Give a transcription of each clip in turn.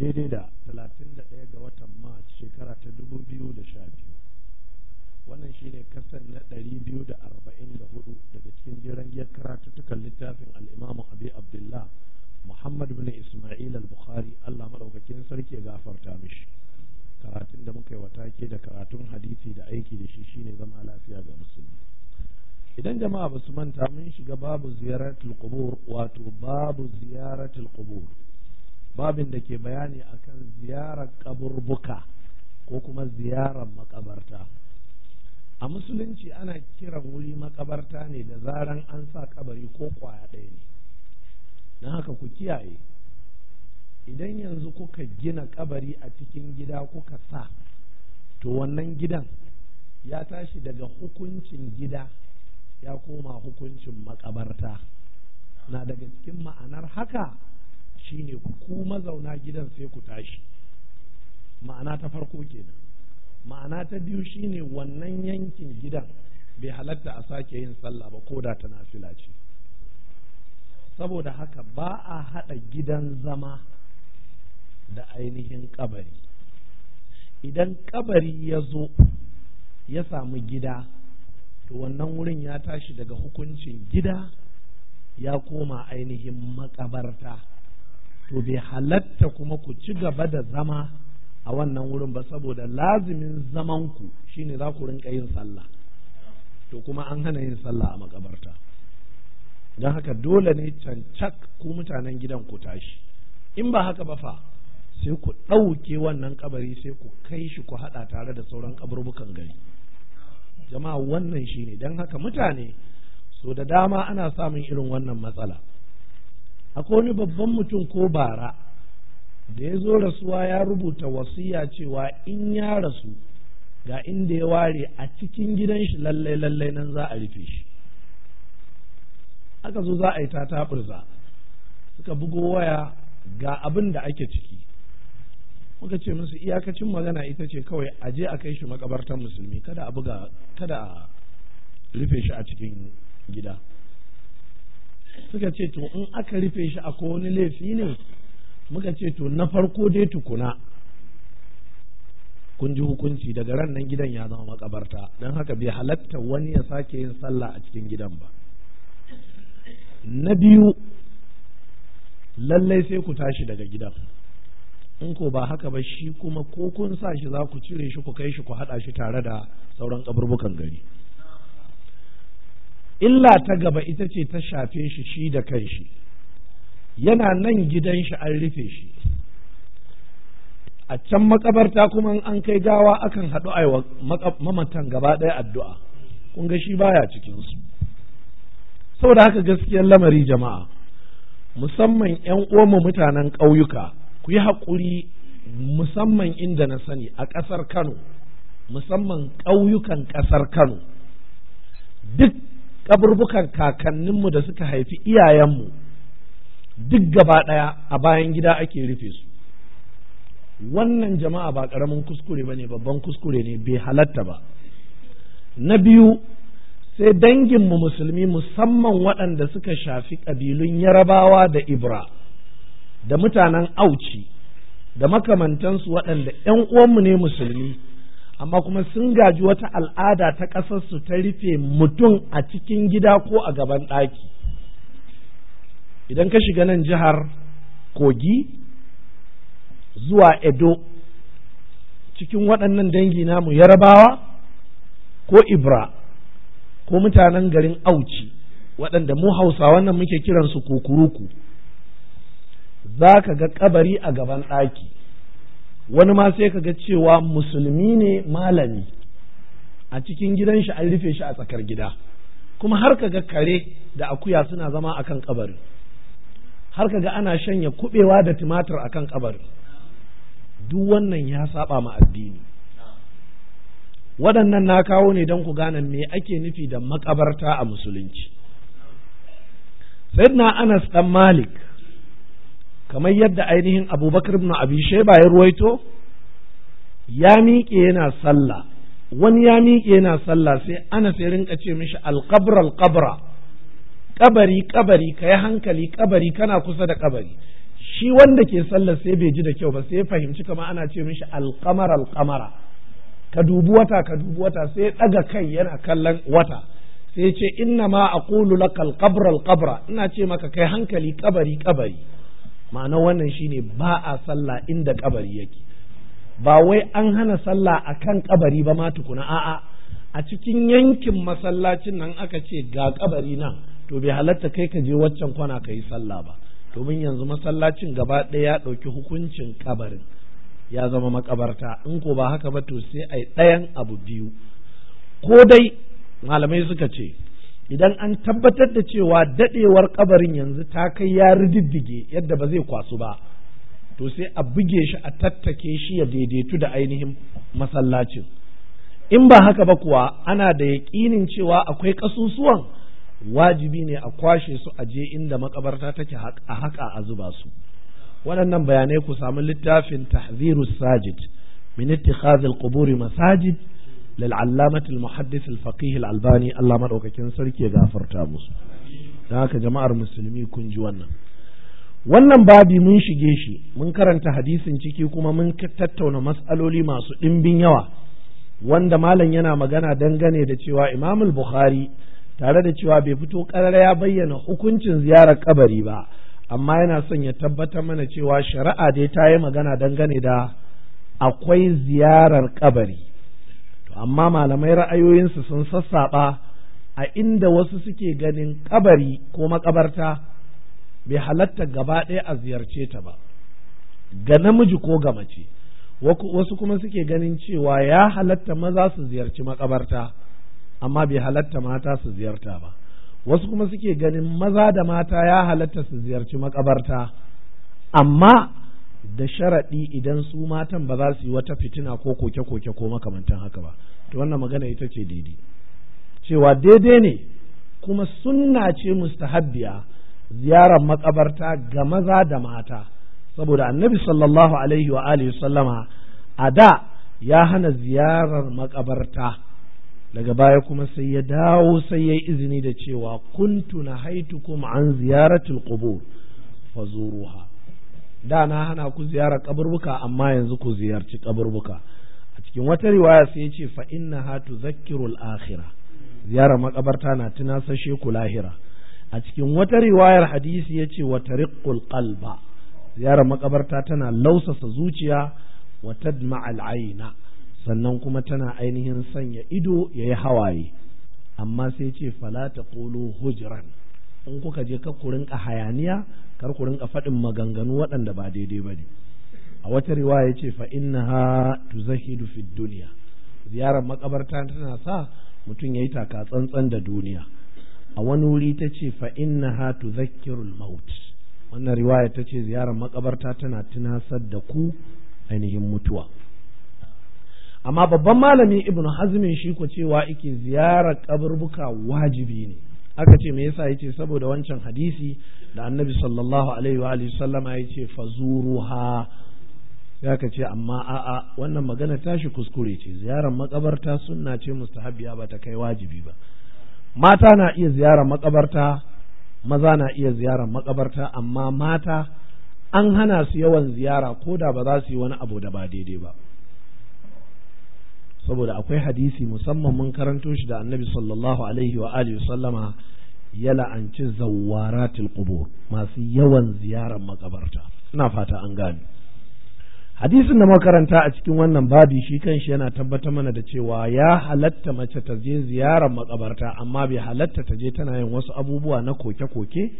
daidai da 31 ga watan march shekara ta 2012 wannan shine kasar na 244 daga cikin jiran giyar karatuttukan littafin al'imamu abi abdullah muhammad bin ismail al-bukhari allah maɗaukakin sarki ya gafarta mishi karatun da muka yi wata ke da karatun hadisi da aiki da shi shine zama lafiya ga musulmi idan jama'a ba su manta mun shiga babu ziyaratul qubur wato babu ziyaratul qubur babin da ke bayani akan ziyarar kaburbuka ko kuma ziyarar makabarta a musulunci ana kiran wuri makabarta ne da zaran an sa kabari ko kwaya ɗaya ne don haka ku kiyaye idan yanzu kuka gina kabari a cikin gida kuka sa to wannan gidan ya tashi daga hukuncin gida ya koma hukuncin makabarta na daga cikin ma'anar haka shine ku mazauna gidan sai ku tashi ma'ana ta farko kenan ma'ana ta biyu shine wannan yankin gidan bai halatta a sake yin sallah ba ko da ta nafila ce saboda haka ba a haɗa gidan zama da ainihin kabari idan kabari ya zo ya samu gida to wannan wurin ya tashi daga hukuncin gida ya koma ainihin makabarta to bai halatta kuma ku ci gaba da zama a wannan wurin ba saboda lazimin zaman ku shine za ku rinka yin sallah to kuma an hana yin sallah a makabarta don haka dole ne cancak ku mutanen gidan ku tashi in ba haka ba fa sai ku ɗauke wannan kabari sai ku kai shi ku haɗa tare da sauran kaburbukan gari jama'a wannan shine don haka mutane so da dama ana samun irin wannan matsala akwai wani babban mutum ko bara da ya zo rasuwa ya rubuta wasiya cewa in ya rasu ga inda ya ware a cikin gidan shi lallai lallai nan za a rufe shi aka zo za a yi ta taɓurza suka bugo waya ga abin da ake ciki muka ce musu iyakacin magana ita ce kawai a je a kai shi makabartar musulmi kada a kada a rufe shi a cikin gida suka ce to in aka rufe shi a wani laifi ne muka ce to na farko dai tukuna kun ji hukunci daga ran nan gidan ya zama makabarta don haka bai halatta wani ya sake yin sallah a cikin gidan ba na biyu lallai sai ku tashi daga gidan in ko ba haka ba shi kuma ko kun sa shi za ku cire shi ku kai shi ku haɗa shi tare da sauran kaburbukan gari illa ta gaba ita ce ta shafe shi shi da shi yana nan gidan shi an rufe shi a can makabarta kuma an kai gawa akan haɗu a mamatan gaba ɗaya addu'a kun ga shi baya cikinsu saboda haka gaskiyar lamari jama'a musamman 'yan uwanmu mutanen ƙauyuka ku yi haƙuri musamman inda na sani a ƙasar kano musamman ƙauyukan ƙasar kano duk kaburbukan kakanninmu da suka haifi iyayenmu duk gaba ɗaya a bayan gida ake rufe su wannan jama'a ba ƙaramin kuskure ba ne babban kuskure ne bai halatta ba na biyu sai danginmu musulmi musamman waɗanda suka shafi ƙabilun yarabawa da ibra da mutanen auci da makamantansu waɗanda ‘yan uwanmu ne musulmi amma kuma sun gaji wata al'ada ta ƙasarsu ta rufe mutum a cikin gida ko a gaban ɗaki idan ka shiga nan jihar kogi zuwa edo cikin waɗannan dangi namu yarabawa ko ibra ko mutanen garin auci waɗanda mu hausawa wannan muke kiransu kukuruku za ka ga kabari a gaban ɗaki wani ma sai ka ga cewa musulmi ne malami a cikin gidan shi an rufe shi a tsakar gida kuma har kaga kare da akuya suna zama akan kabari har ka ga ana shanya kubewa da tumatir akan kabari duk wannan ya saba ma addini waɗannan na kawo ne don ku gane me ake nufi da makabarta a musulunci sayyidina anas dan malik kamar yadda ainihin abubakar ibn abi sheba ya ruwaito ya miƙe yana sallah wani ya miƙe yana sallah sai ana sai rinka ce mishi alqabr alqabra kabari kabari kai hankali kabari kana kusa da kabari shi wanda ke sallah sai bai ji da kyau ba sai ya fahimci kama ana ce mishi alqamar alqamara ka dubi wata ka dubi wata sai ya daga kai yana kallon wata sai ya ce inna ma aqulu lakal qabra al ina ce maka kai hankali kabari kabari ma'ana wannan shine ba a sallah inda kabari yake ba wai an hana sallah a kan kabari ba ma tukuna a'a a cikin yankin masallacin nan aka ce ga kabari nan to bai halatta kai ka je waccan kwana ka yi sallah ba domin yanzu masallacin gaba ɗaya ya ɗauki hukuncin kabarin ya zama makabarta in ko ba haka ba to sai ai ɗayan abu biyu ko dai malamai suka ce idan an tabbatar da cewa daɗewar kabarin yanzu ta kai ya rididdige yadda ba zai kwasu ba to sai a buge shi a tattake shi ya daidaitu da ainihin masallacin in ba haka ba kuwa ana da yaƙinin cewa akwai ƙasusuwan wajibi ne a kwashe su a je inda makabarta take a haka a zuba su waɗannan bayanai ku samu littafin Tahziru sajid min ittikhadhil quburi masajid lil'allamatul muhaddis al-faqih albani Allah madaukakin sarki ya gafarta musu dan haka jama'ar musulmi kun ji wannan wannan babi mun shige shi mun karanta hadisin ciki kuma mun tattauna mas'aloli masu ɗimbin yawa wanda malam yana magana dangane da cewa imamul bukhari tare da cewa bai fito ƙarar ya bayyana hukuncin ziyarar kabari ba amma yana son ya tabbatar mana cewa shari'a dai ta yi magana dangane da akwai ziyarar kabari To amma malamai ra'ayoyinsu sun sassaɓa a inda wasu suke ganin kabari ko makabarta bai halatta gaba ɗaya a ziyarce ta ba ga namiji ko ga mace wasu kuma suke ganin cewa ya halatta maza su ziyarci makabarta amma bai halatta mata su ziyarta ba wasu kuma suke ganin maza da mata ya halatta su ziyarci makabarta amma da sharaɗi idan su matan ba za su yi wata fitina ko koke-koke ko makamantan haka ba to wannan magana ita ce daidai cewa daidai ne kuma sunna ce mustahabbiya ziyarar makabarta ga maza da mata saboda annabi sallallahu alaihi wa alihi sallama a da ya hana ziyarar makabarta daga baya kuma sai ya dawo sai ya izini da cewa kuntu na haitukum an ziyaratul qubur fazuruha da na hana ku ziyara kaburbuka amma yanzu ku ziyarci kaburbuka a cikin wata riwaya sai ya ce fa inna ha tuzakkirul akhirah ziyarar makabarta na tunasashe ku lahira a cikin wata riwayar hadisi ya ce wa tariqul qalba ziyarar makabarta tana lausasa zuciya wa tadma al'aina sannan kuma tana ainihin sanya ido yayi hawaye amma sai ce fala taqulu hujran in kuka je ka ku rinka hayaniya kar ku rinka faɗin maganganu waɗanda ba daidai ba ne a wata riwaya ce fa ha tuzahidu fid dunya ziyarar makabarta tana sa mutum yayi taka tsantsan da duniya a wani wuri ta ce fa ha tuzakkirul maut wannan riwaya ta ce ziyarar makabarta tana tunasar da ku ainihin mutuwa amma babban malami ibnu hazmin shi ku cewa ike ziyarar kaburbuka wajibi ne aka ce me yasa yace saboda wancan hadisi da annabi sallallahu alaihi wa alihi sallama yace fazuruha ya ka ce amma a'a wannan magana tashi kuskure ce ziyarar makabarta sunna ce mustahabbiya ba ta kai wajibi ba mata na iya ziyarar makabarta maza na iya ziyarar makabarta amma mata an hana su yawan ziyara ko da ba za su yi wani abu da ba daidai ba saboda akwai hadisi musamman mun karanto shi da annabi sallallahu alaihi wa alihi sallama ya la'anci zawaratul qubur masu yawan ziyarar makabarta ina fata an gane hadisin da makaranta a cikin wannan babi shi kanshi yana tabbatar mana da cewa ya halatta mace ta je ziyarar makabarta amma bai halatta ta je tana yin wasu abubuwa na koke-koke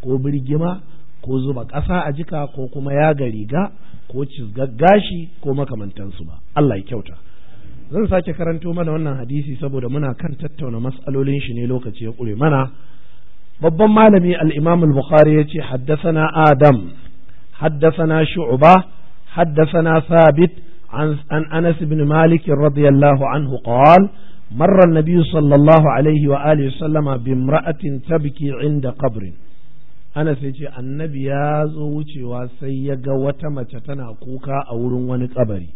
ko birgima ko zuba ƙasa a jika ko kuma yaga riga ko cizgaggashi ko makamantansu ba Allah ya kyauta zan sake karanto mana wannan hadisi saboda muna kan tattauna matsalolin shi ne lokaci ya ƙure mana babban malami al-imam al-bukhari ya ce haddasana adam haddasana shu'ba haddasana sabit an anas ibn malik radiyallahu anhu qala مر النبي صلى الله عليه وآله وسلم Annabi تبكي عند قبر sai ya ga wata mace tana kuka a wurin wani kabari.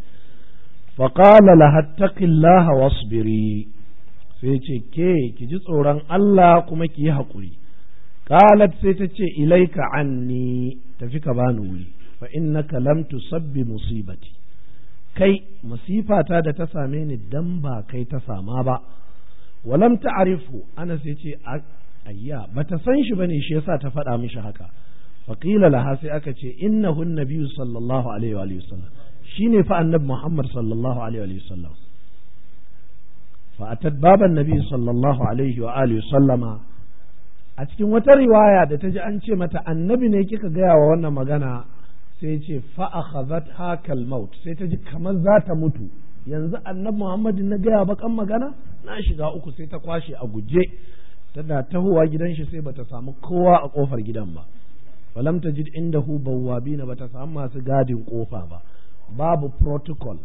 faƙala lahattaƙillaha wasbiri sai ce ke ki ji tsoron Allah kuma ki yi haƙuri qalat sai ta ce ilaika anni tafi ka bani wuri fa innaka lam tusabbi musibati kai ta da ta same ni dan ba kai ta sama ba walam ta'rifu ana sai ce ayya bata san shi bane shi yasa ta faɗa mishi haka faqila laha sai aka ce innahu nabiyyu sallallahu alaihi wa sallam shine fa annabi Muhammad sallallahu alaihi wa sallam fa atat baban nabi sallallahu alaihi wa sallama a cikin wata riwaya da ta ji an ce mata annabi ne kika gaya wa wannan magana sai ce fa akhadhat hakal maut sai ta ji kamar za ta mutu yanzu annabi Muhammad na gaya bakan magana na shiga uku sai ta kwashe a guje tana tahowa gidan shi sai bata samu kowa a kofar gidan ba falam tajid indahu bawwabina bata samu masu gadin kofa ba babu protocol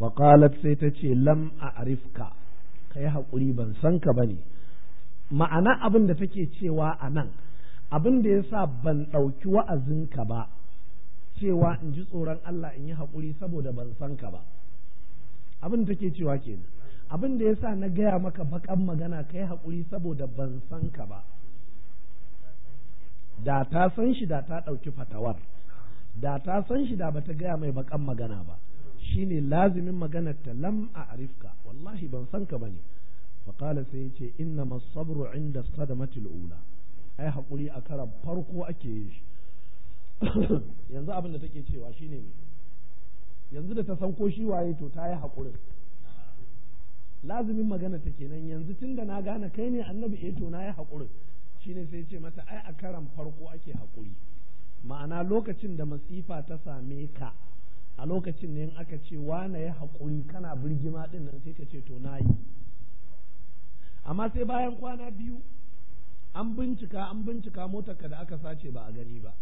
waƙalat sai ta ce lam a arifka ka yi haƙuri ban san ka ba ne ma'ana abin da take cewa a abin da ya sa ban ɗauki wa'azinka ba cewa in ji tsoron Allah in yi haƙuri saboda ban san ka ba abin da take cewa kenan abin da ya sa na gaya maka baƙan magana ka yi haƙuri saboda ban san ka ba da ta san shi da ta ɗauki fatawar da ta san shi da bata gaya mai bakan magana ba shine lazimin maganar ta lam a arifka wallahi ban san ka bane fa qala sai yace inna masabru inda sadamati ula ai hakuri a karan farko ake yin shi yanzu abin da take cewa shine ne yanzu da ta san ko shi waye to ta yi hakurin lazimin magana ta kenan yanzu tunda na gane kai ne annabi eh to na yi hakurin shine sai ce mata ai a karan farko ake hakuri ma'ana lokacin da masifa ta same ka a lokacin ne in aka ce wane ya haƙuri kana birgima ɗin nan sai ka ce to na yi amma sai bayan kwana biyu an bincika an bincika motarka da aka sace ba a gani ba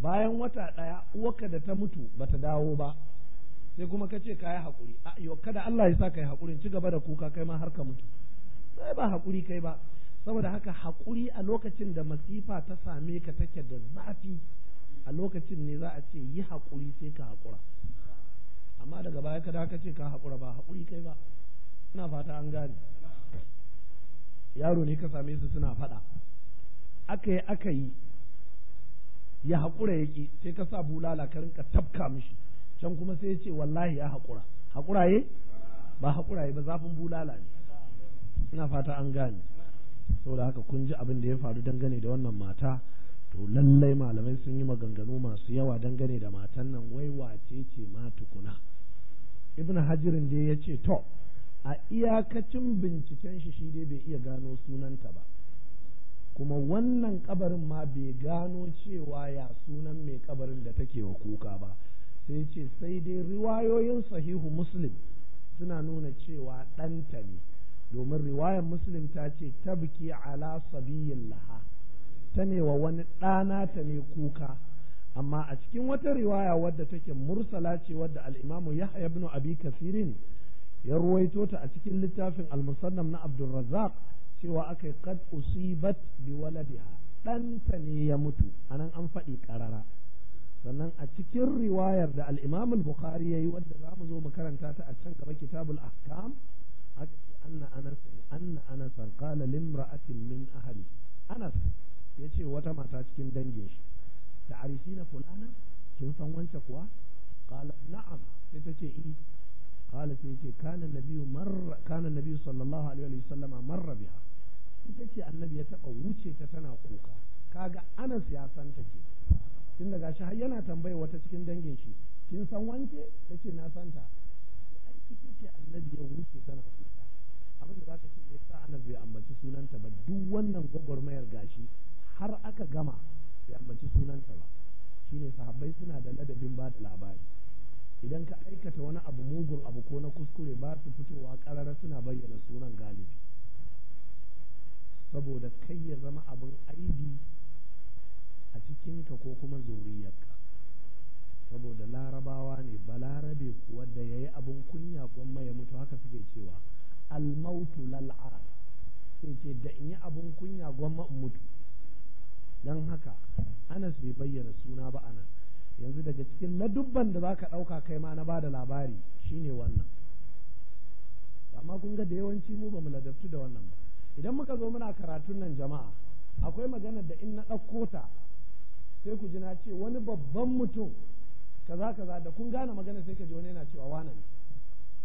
bayan wata ɗaya uwarka da ta mutu ba ta dawo ba sai kuma ka ce ka yi haƙuri kada Allah ya sa ka yi haƙurin ci gaba da kuka kai ma har ka mutu sai ba haƙuri kai ba saboda haka haƙuri a lokacin da masifa ta same ka take da zafi a lokacin ne za a ce yi haƙuri sai ka haƙura amma daga baya ka da ka ce ka haƙura ba haƙuri kai ba ina fata an gane yaro ne ka same su suna faɗa aka yi aka yi ya haƙura ya ƙi sai ka sa bulala ka rinka tafka mishi can kuma sai ya ce wallahi ya haƙura haƙura eh? ba haƙura ye ba zafin bulala ne ina fata an gane saboda haka kun ji abin da ya faru dangane da wannan mata to lallai malamai sun yi maganganu masu yawa dangane da matan nan wai wace ce ma tukuna ibn hajirin dai ya ce to a iyakacin binciken shi shi dai bai iya gano sunanta ba kuma wannan kabarin ma bai gano cewa ya sunan mai kabarin da take wa kuka ba sai ce sai dai riwayoyin sahihu muslim suna nuna cewa ɗanta ne domin riwayar muslim ta ce tabki ala sabiyin laha ta ne wa wani ɗana ta ne kuka amma a cikin wata riwaya wadda take mursala ce wadda al'imamu yahya ibn abi kasirin ya ruwaito ta a cikin littafin al na abdulrazzaq cewa aka yi qad usibat bi waladiha ɗanta ne ya mutu anan an faɗi ƙarara sannan a cikin riwayar da al'imamu Bukhari ya bukhari yayi wadda za mu zo mu karanta ta a can gaba kitabul ahkam anna anas anna anas qala limra'atin min ahli anas yace wata mata cikin dangin shi ta'rifina fulana kin san wance kuwa qala na'am sai ta ce i qala sai ce kana nabiyyu marra kana nabiyyu sallallahu alaihi wa sallama marra biha ita ce annabi ya taba wuce ta tana kuka kaga anas ya san ta ke tun har yana tambaya wata cikin dangin shi kin san wance ta ce na santa ai ita ce annabi ya wuce tana kuka abin da ka ce me yasa Anas bai ambaci sunanta ba duk wannan gwagwarmayar gashi har aka gama bai ambaci sunanta ba shine sahabbai suna da ladabin ba da labari idan ka aikata wani abu mugun abu ko na kuskure ba su fitowa karara suna bayyana sunan galibi saboda kai ya zama abin aibi a cikinka ko kuma zuriyarka saboda larabawa ne balarabe kuwa da ya yi abin kunya gwamma ya mutu haka suke cewa almautu lal sai ce da in yi abun kunya gwamma in mutu don haka anas bai bayyana suna ba anan yanzu daga cikin na dubban da za ka ɗauka kai ma na ba da labari shine wannan amma kun ga da yawanci mu bamu ladabtu da wannan ba idan muka zo muna karatun nan jama'a akwai magana da in na ɗauko ta sai ku ji na ce wani babban mutum kaza kaza da kun gane magana sai ka ji wani yana cewa wane ne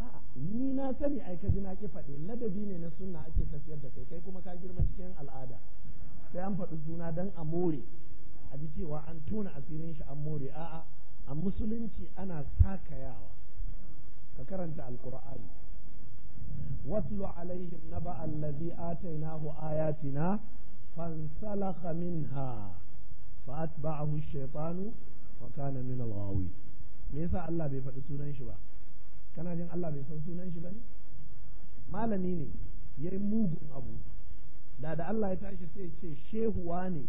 a'a ni na sani ai ka ji na ki faɗi ladabi ne na sunna ake tafiyar da kai kai kuma ka girma cikin al'ada sai an faɗi suna dan a more a ji cewa an tona asirin shi an more a'a a musulunci ana sakayawa ka karanta alqur'ani watlu alaihim naba allazi atainahu ayatina fansalakha minha fa atba'ahu ash-shaytanu wa kana min al-ghawin me yasa Allah bai faɗi sunan shi ba kana jin Allah bai san sunan shi bane malami ne yayi mugun abu da da Allah ya tashi sai ya ce shehuwa ne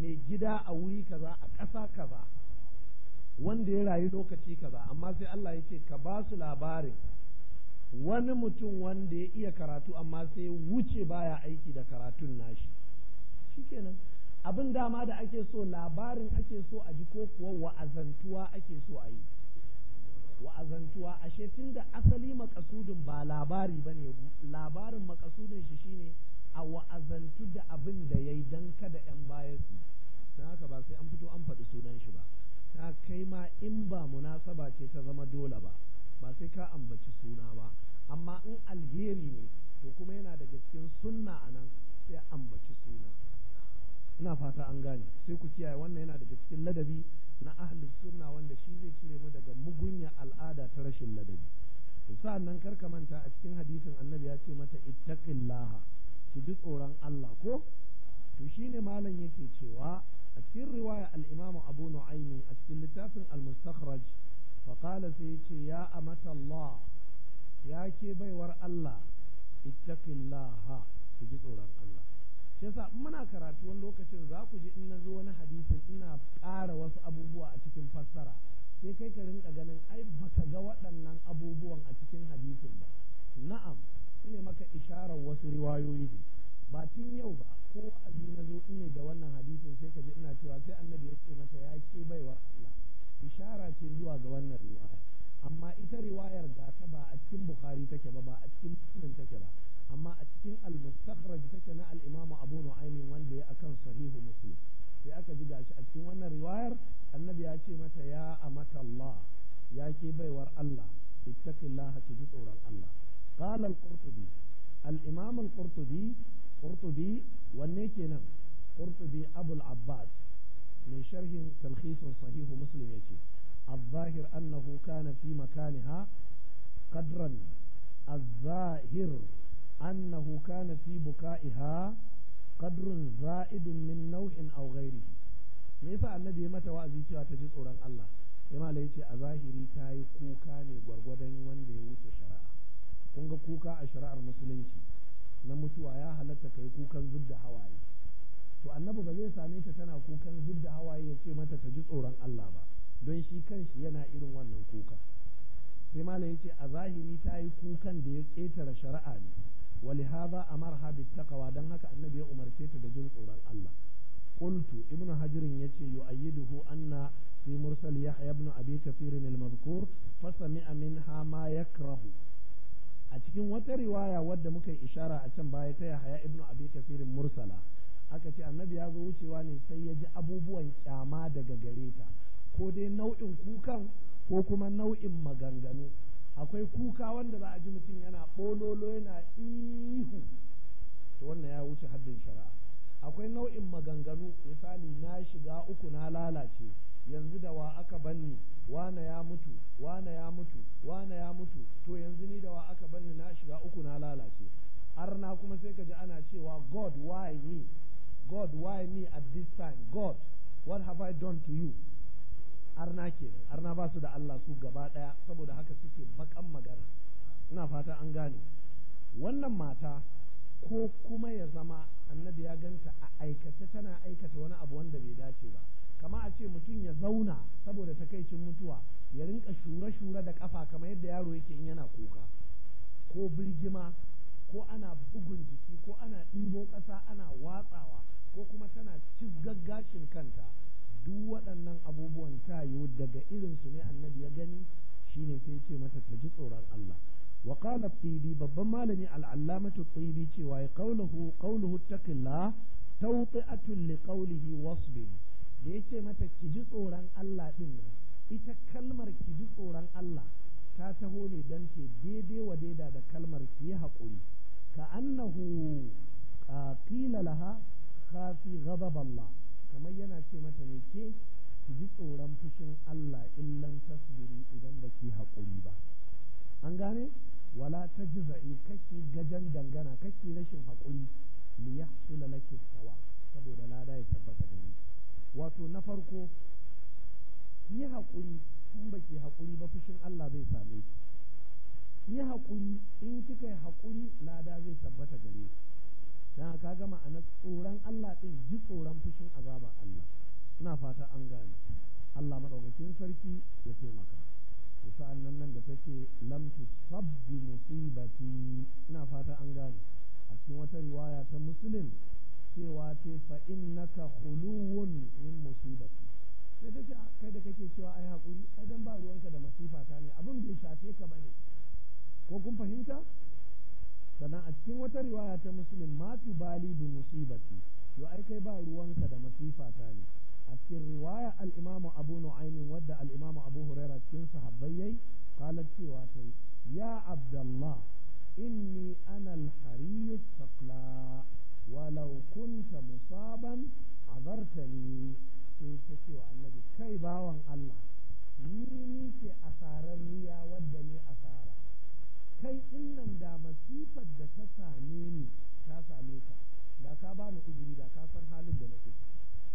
mai gida a wuri kaza a ƙasa kaza wanda ya rayu lokaci kaza amma sai Allah ya ce ka ba su labarin wani mutum wanda ya iya karatu amma sai wuce baya aiki da karatun nashi shikenan abin dama da ake so labarin ake so a ji ko kuwa wa'azantuwa ake so a yi wa'azantuwa ashe tun da asali makasudin ba labari ba ne labarin makasudin shi shine a wa'azantu da abin da ya yi don kada 'yan bayansu su don haka ba sai an fito an faɗi sunan shi ba ta kai ma in ba munasaba ce ta zama dole ba ba sai ka ambaci suna ba amma in alheri ne to kuma yana daga cikin sunna a nan sai ambaci suna ina fata an gane sai ku kiyaye wannan yana daga cikin ladabi na ahli sunna wanda shi zai cire mu daga mugunya al'ada ta rashin ladabi sa'an nan kar ka manta a cikin hadisin annabi ya ce mata ittaqillaha ki ji tsoron Allah ko to shine malam yake cewa a cikin riwaya al-Imam Abu Nu'aym a cikin littafin al-Mustakhraj fa qala sai yace ya amata Allah ya ke baiwar Allah ittaqillaha ki ji tsoron Allah shi yasa in muna karatu wani lokacin za ku ji in na zo wani hadisin ina ƙara wasu abubuwa a cikin fassara sai kai ka rinka ganin ai ba ka ga waɗannan abubuwan a cikin hadisin ba na'am ne maka isharar wasu riwayoyi ne ba tun yau ba ko abi na zo ne da wannan hadisin sai ka ji ina cewa sai annabi ya ce mata ya ke baiwar Allah ishara ce zuwa ga wannan riwaya amma ita riwayar ga ta ba a cikin bukhari take ba ba a cikin muslim take ba amma a cikin al-mustakhraj take na al-imam Abu Nu'aym wanda ya akan sahihu Muslim sai aka ji gashi a cikin wannan riwayar annabi ya ce mata ya amata Allah ya ke baiwar Allah ittaqillaha ki ji tsoron Allah qala al-qurtubi al-imam al-qurtubi qurtubi wanne kenan qurtubi Abu al-Abbas mai sharhin talhisun sahihu Muslim yace الظاهر أنه كان في مكانها قدرا الظاهر annahu kana fi buka'iha qadrun za'idun min nau'in aw me yasa annabi ya mata wa'azi cewa ta ji tsoron Allah sai malai ce a zahiri ta yi kuka ne gwargwadon wanda ya wuce shari'a kun ga kuka a shari'ar musulunci na mutuwa ya halatta kai kukan zubda hawaye to annabi ba zai same ta tana kukan zubda hawaye ya ce mata ta ji tsoron Allah ba don shi kanshi yana irin wannan kuka sai malai yace a zahiri ta yi kukan da ya ƙetare shari'a ne Wali waliha za'a mara habitakawa dan haka annabi ya umarce ta da jin tsoron allah oltu ibnu hajarin yace yuayi duhu anna sai mursal yahyabnu abikafirin maskur fasa mi amin hama yakrahu a cikin wata riwaya wadda muka yi ishara a can baya ta yahaya ibnu Abi kafirin mursala aka ce annabi ya zo wucewa ne sai ya ji abubuwan kyama daga gareta ko dai nau'in kukan ko kuma nau'in maganganu akwai kuka wanda za a ji mutum yana ɓololo yana ihu to wannan ya wuce haddin shari'a akwai nau'in maganganu misali na shiga uku na lalace yanzu da wa aka banni wane ya mutu wane ya mutu wane ya mutu to yanzu ni da wa aka banni na shiga uku na lalace har na kuma sai ka ji ana cewa god why me god why me at this time god what have i done to you arna ke arna ba su da Allah su gaba ɗaya saboda haka suke bakan magana ina fata an gane wannan mata ko kuma ya zama annabi ya ganta a aikace tana aikata wani abu wanda bai dace ba kama a ce mutum ya zauna saboda takaicin mutuwa ya rinka shure-shure da kafa kamar yadda yaro yake in yana kuka ko birgima ko ana bugun jiki ko ana ɗibo ƙasa ana watsawa ko kuma tana cizgaggashin kanta duk waɗannan abubuwan ta yiwu daga su ne annabi ya gani shi ne sai ce mata ta ji tsoron Allah wa qala tibi babban malami al-allamatu cewa ya qawluhu ta wuce a li wasu Wasbin? da ce mata ki ji tsoron Allah ɗin nan ita kalmar ki ji tsoron Allah ta taho ne don ke daidai wa daida da kalmar ki yi haƙuri ka annahu qila laha khafi ghadab Allah kamar yana ce mata ne ke ki ji tsoron fushin Allah in illan tasbiri idan ba ki haƙuri ba an gane wala ta ji za'i kake gajan dangana kake rashin haƙuri li yahsula laki sawa saboda lada ya tabbata gare wato na farko ki haƙuri in ba ki haƙuri ba fushin Allah zai same ki ki haƙuri in kika yi haƙuri lada zai tabbata gare ki dan ka ga ma'anar tsoron Allah ɗin ji tsoron fushin azabar Allah ina fata an gane Allah madaukakin sarki ya taimaka sa'an nan nan da take lam sabbi musibati ina fata an gane a cikin wata riwaya ta muslim cewa ce fa innaka khuluwun min musibati sai ta ce kai da kake cewa ai haƙuri ai dan ba ruwanka da masifata ne abin bai shafe ka bane ko kun fahimta sannan a cikin wata riwaya ta muslim matu bali bi musibati yo ai kai ba ruwanka da masifa ta ne a cikin riwaya al-imam abu nu'aym wadda al abu huraira cikin sahabbai yayi qalat cewa tai ya abdullah inni ana al-harith faqla walau kunta musaban azartani sai ta ce wa annabi kai bawan Allah ni ni ce asararriya wadda ne asarar kai innan da masifar da ta same ni ta same ka da ka bani uzuri da ka san halin da nake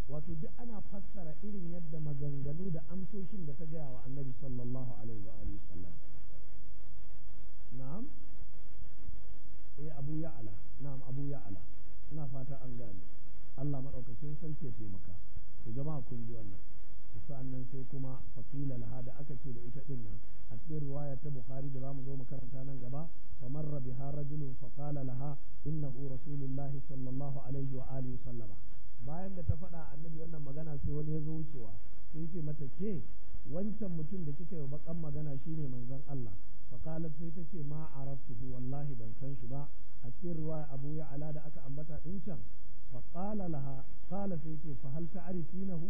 wato duk ana fassara irin yadda maganganu da amsoshin da ta gaya wa annabi sallallahu alaihi wa alihi sallam na'am eh abu ya'ala na'am abu ya'ala ina fata an gane Allah madaukakin sarki ya taimaka to jama'a kun ji wannan sa'annan sai kuma faqila da aka ce da ita din a cikin riwaya ta bukhari da zamu zo mu karanta nan gaba fa marra biha rajulun fa qala laha innahu rasulullahi sallallahu alaihi wa alihi sallama bayan da ta faɗa annabi wannan magana sai wani ya zo wucewa sai ce mata ke wancan mutum da kika yi bakan magana shine manzon Allah fa sai ta ce ma araftuhu wallahi ban san shi ba a cikin riwaya Abu ala da aka ambata din can fa qala laha qala sai ce fa hal ta'rifinahu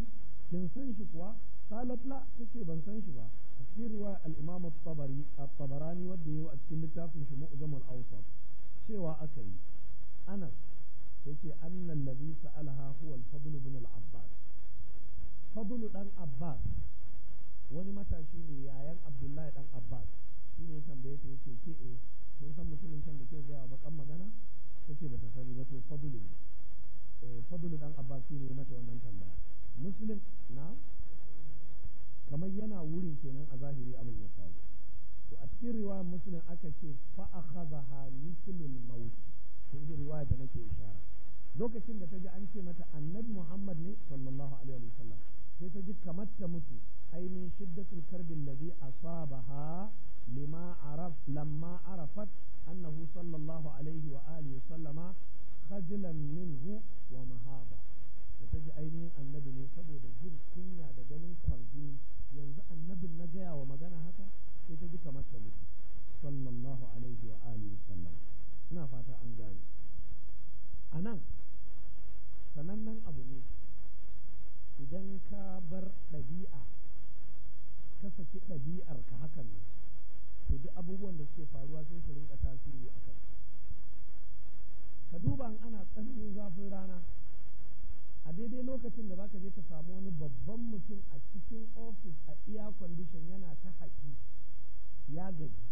kin san shi kuwa qalat la tace ban san shi ba a cikin ruwa al-imam at-tabari at-tabarani wanda yayi a cikin littafin shi mu'jam al-awsat cewa aka yi anas yace anna allazi sa'alaha huwa al-fadl ibn al-abbas fadl dan abbas wani matashi ne yayan abdullahi dan abbas shi ne tambaye ta ke eh kun san mutumin can da ke gaya bakan magana tace bata sani ba to fadl ne eh fadl dan abbas shi ne mata wannan tambaya kamar yana wurin kenan a zahiri abin ya faru to a cikin riwaya muslim aka ce fa akhadha mislul maut to ita riwaya da nake ishara lokacin da ta ji an ce mata annabi muhammad ne sallallahu alaihi wa sallam sai ta ji kamar ta mutu ainihin shiddatul karbi allazi asabaha lima araf lamma arafat annahu sallallahu alaihi wa alihi wa sallama khajlan minhu wa mahaba da ta ji ainihin annabi ne saboda jin kunya da ganin kwarjini yanzu annabin na gaya wa magana haka sai ta ji kamar ta mutu sallallahu alaihi wa alihi sallam ina fata an gane a nan sanannen abu ne idan ka bar ɗabi'a ka saki ɗabi'ar ka hakan ne to duk abubuwan da suke faruwa sun su rinka tasiri a kan ka duba ana tsananin zafin rana a daidai lokacin da baka je ka samu wani babban mutum a cikin ofis a iya kwandishin yana ta haƙi ya gaji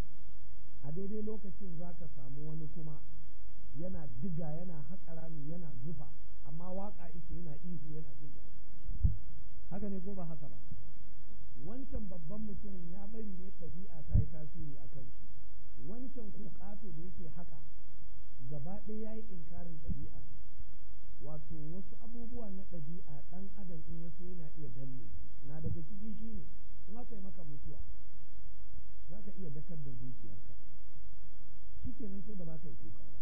a daidai lokacin za ka samu wani kuma yana diga yana haƙa rami yana zufa amma waƙa ike yana ihu yana jin daɗi haka ne ko ba haka ba wancan babban mutumin ya bari ne ɗabi'a ta yi tasiri a kan shi wancan kuƙato da yake haka gaba ɗaya ya yi inkarin ɗabi'a wato wasu abubuwa na ɗabi'a ɗan adam in ya so yana iya danne na daga ciki ne in aka yi maka mutuwa za ka iya dakar da zuciyarka shi ke nan sai ba za ka yi kuka ba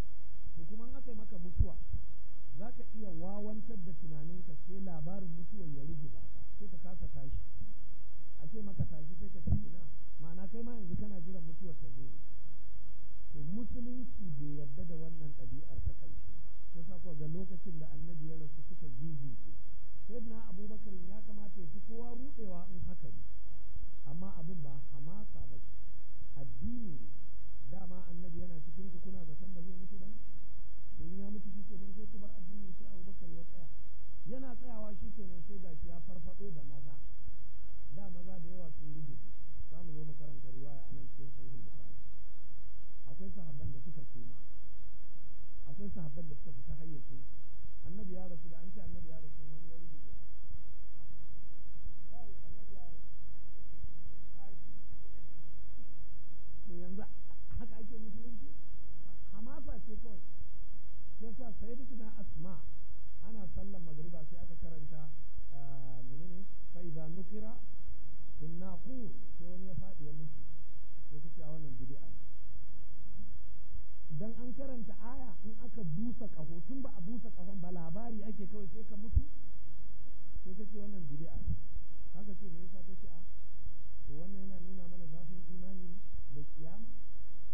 to kuma in aka yi maka mutuwa za ka iya wawantar da tunaninka sai labarin mutuwar ya ruguza ka sai ka kasa tashi a ce maka tashi sai ka ce ina ma'ana kai ma yanzu kana jiran mutuwar ta zo to musulunci bai yarda da wannan ɗabi'ar ta ƙarshe shi sa kuwa ga lokacin da annabi ya rasu suka gigice sai na abubakar ya kamata ya fi kowa rudewa in haka ne amma abin ba hamasa ba addini ne dama annabi yana cikin ku kuna zaton ba zai mutu ba ne in ya mutu shi yasa na asma ana sallan magriba sai aka karanta ah, menene fa iza nukira in naqur sai wani ya faɗi ya mutu sai kace a wannan bid'a ne dan an karanta aya in aka busa kaho tun ba a busa kahon ba labari ake kawai sai ka mutu sai kace wannan bid'a ne haka ce me yasa tace a to wannan yana nuna mana zafin imani da kiyama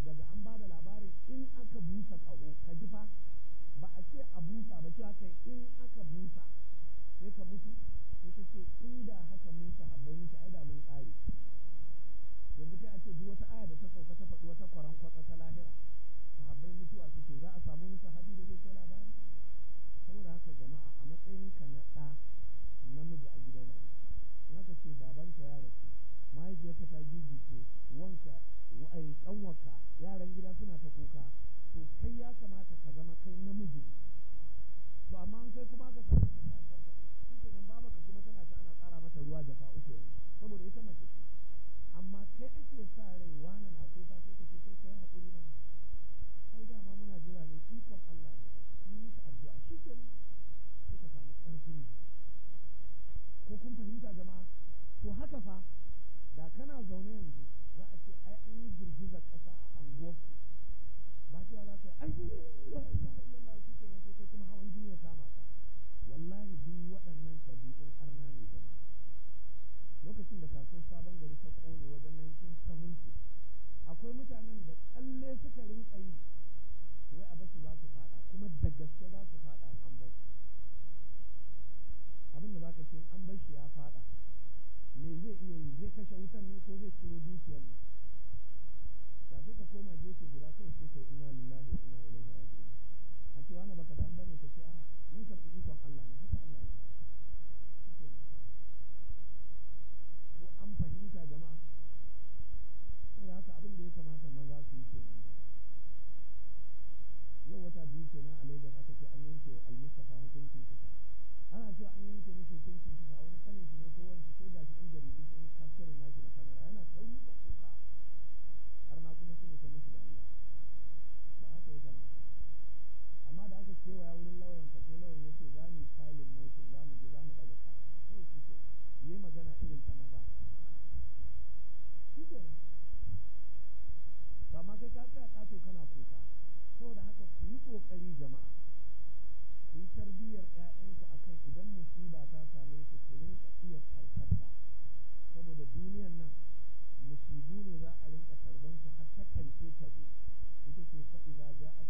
daga an ba da labarin in aka busa kaho ka ji fa ba a ce a busa ba cewa kai in aka busa sai ka mutu sai ka ce da haka musa sahabbai muke ai da mun kare yanzu kai a ce duk wata aya da ta sauka ta faɗi wata kwaran ta lahira sahabbai mutuwa suke za a samu wani sahabi da zai kai labari saboda haka jama'a a matsayin ka na ɗa namiji a gidan wani in aka ce babanka ya rasu mahaifiyarka ta gigice wanka wa'ai kanwarka yaran gida suna ta kuka to kai ya kamata ka zama kai namiji to amma an kai kuma ka samu ta takar da shi kenan nan ka kuma tana ta ana ƙara mata ruwa jaka uku yanzu saboda ita mace ce amma kai ake sa rai wani na ka sai ka ce kai kai haƙuri na ai dama muna jira ne ikon Allah ne kun yi addu'a shi nan sai ka samu ƙarfin ko kun fahimta jama'a to haka fa da kana zaune akwai mutanen da tsalle suka rinka yi wai a basu za su fada kuma da gaske za su fada an basu abin da zaka ce an bar shi ya faɗa me zai iya yi zai kashe wutan ne ko zai ciro dukiyar ne da sai ka koma gefe guda kawai sai yi inna lillahi wa inna ilaihi raji'un a ce wani baka da an bane ka ce a mun karɓi ikon Allah ne cewa an yanke mishi hukunci shi ba wani kanin shi ne ko wani sai shi ɗan jaridu sun yi kaftarin nashi da kamera yana ta da kuka har ma kuma su ne ta mishi dariya ba haka ya kamata amma da aka kewaya wurin lauyan fa sai lauyan yace za mu yi filin motion za mu je za mu daga kaya kawai shi ke yi magana irin ta maza shi ke ma kai ka tsaya kato kana kuka saboda haka ku yi kokari jama'a ku yi tarbiyyar ‘ya'yanku a kan idan musiba ta same su su rinka iya tsarkarta saboda duniyan nan musibu ne za a rinka tarbansu har ta ƙarshe ta zo ita ce fa'iza ja a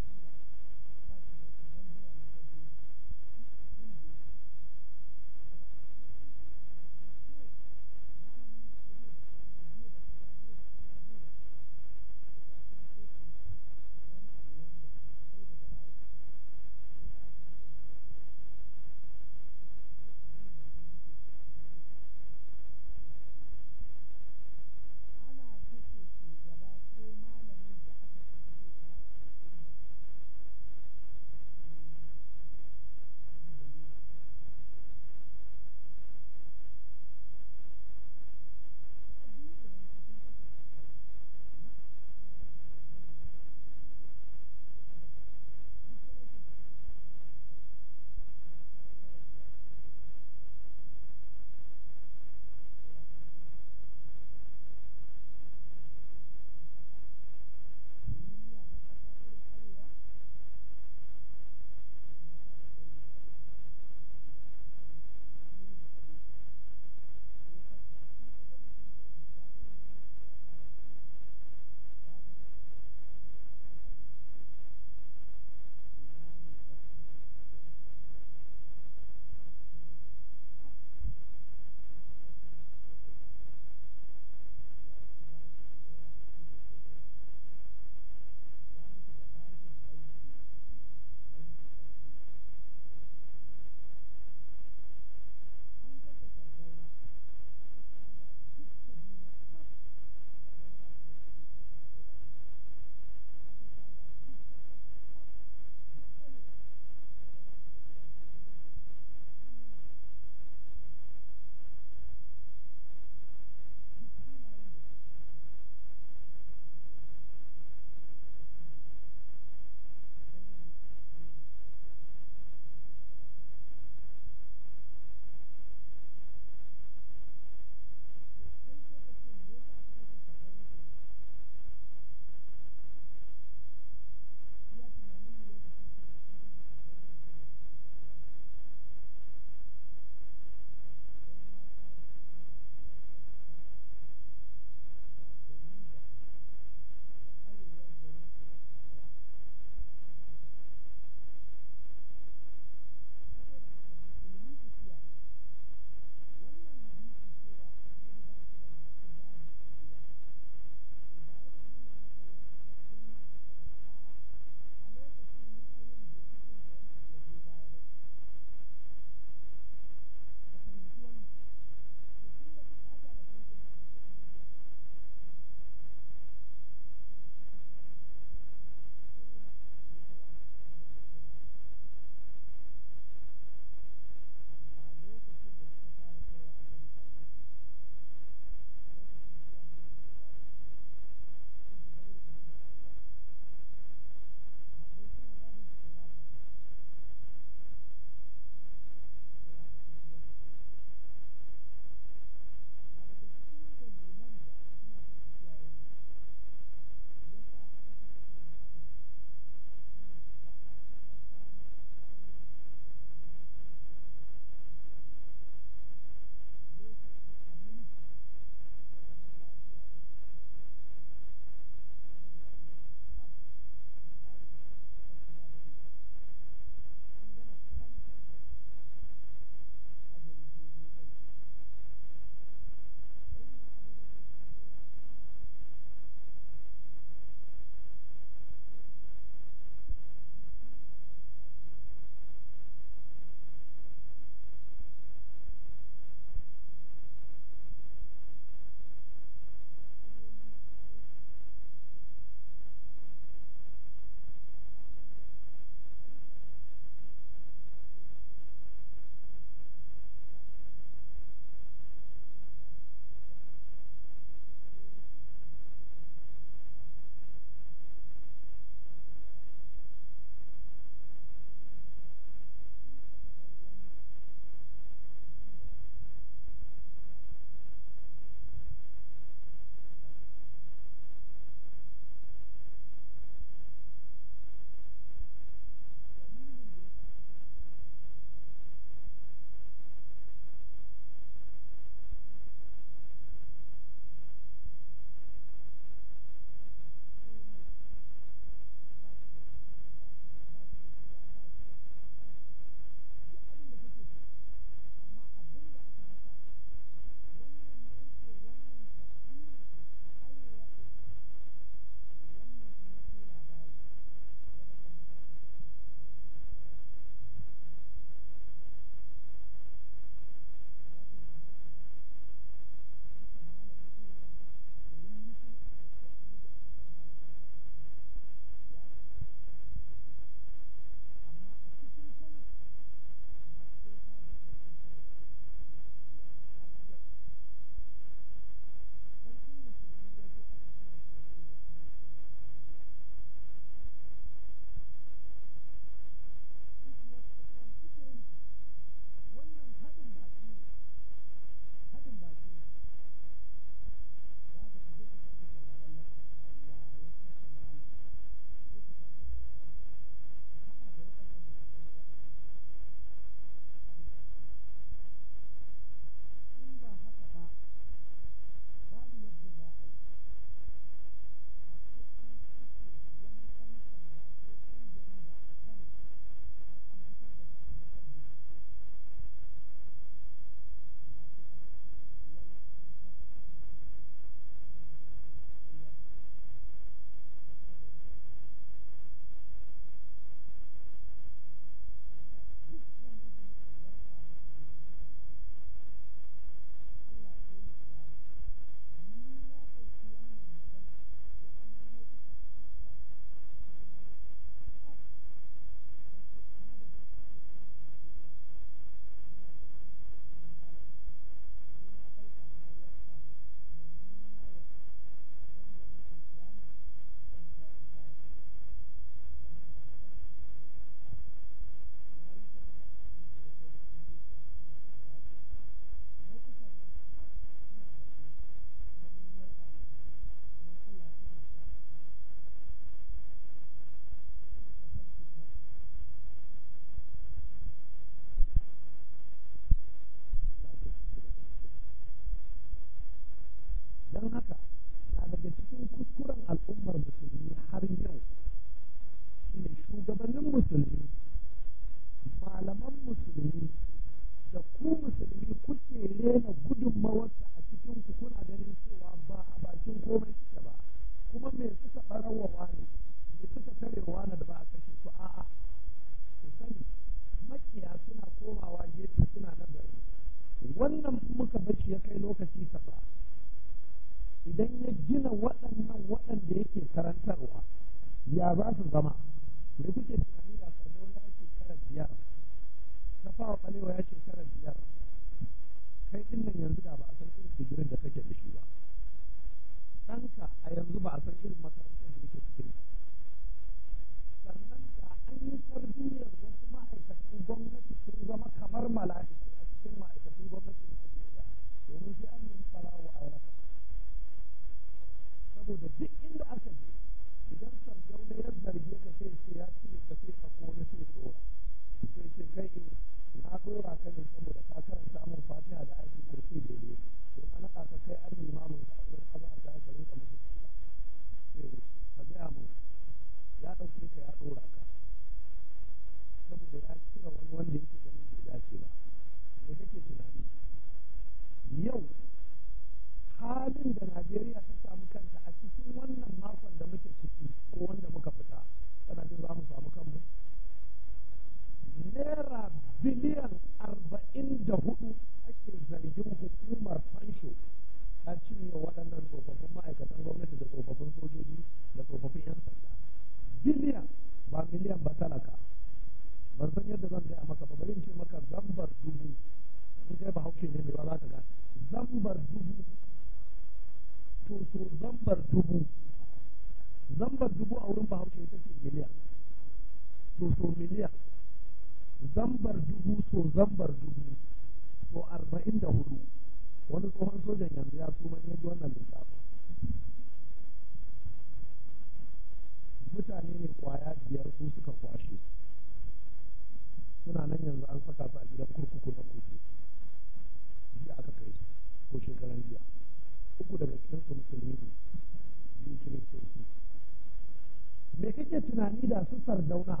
فرد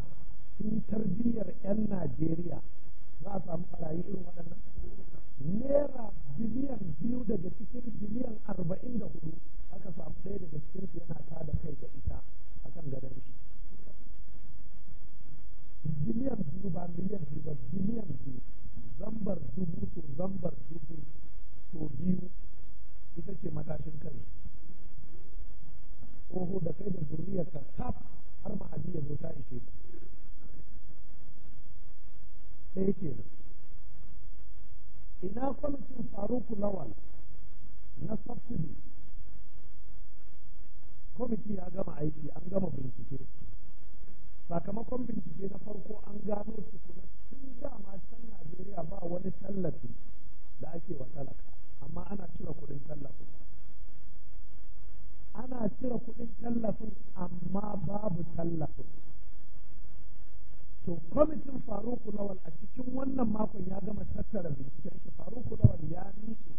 faruk lawal a cikin wannan makon ya gama tattara binciken shi faruk lawal ya miƙe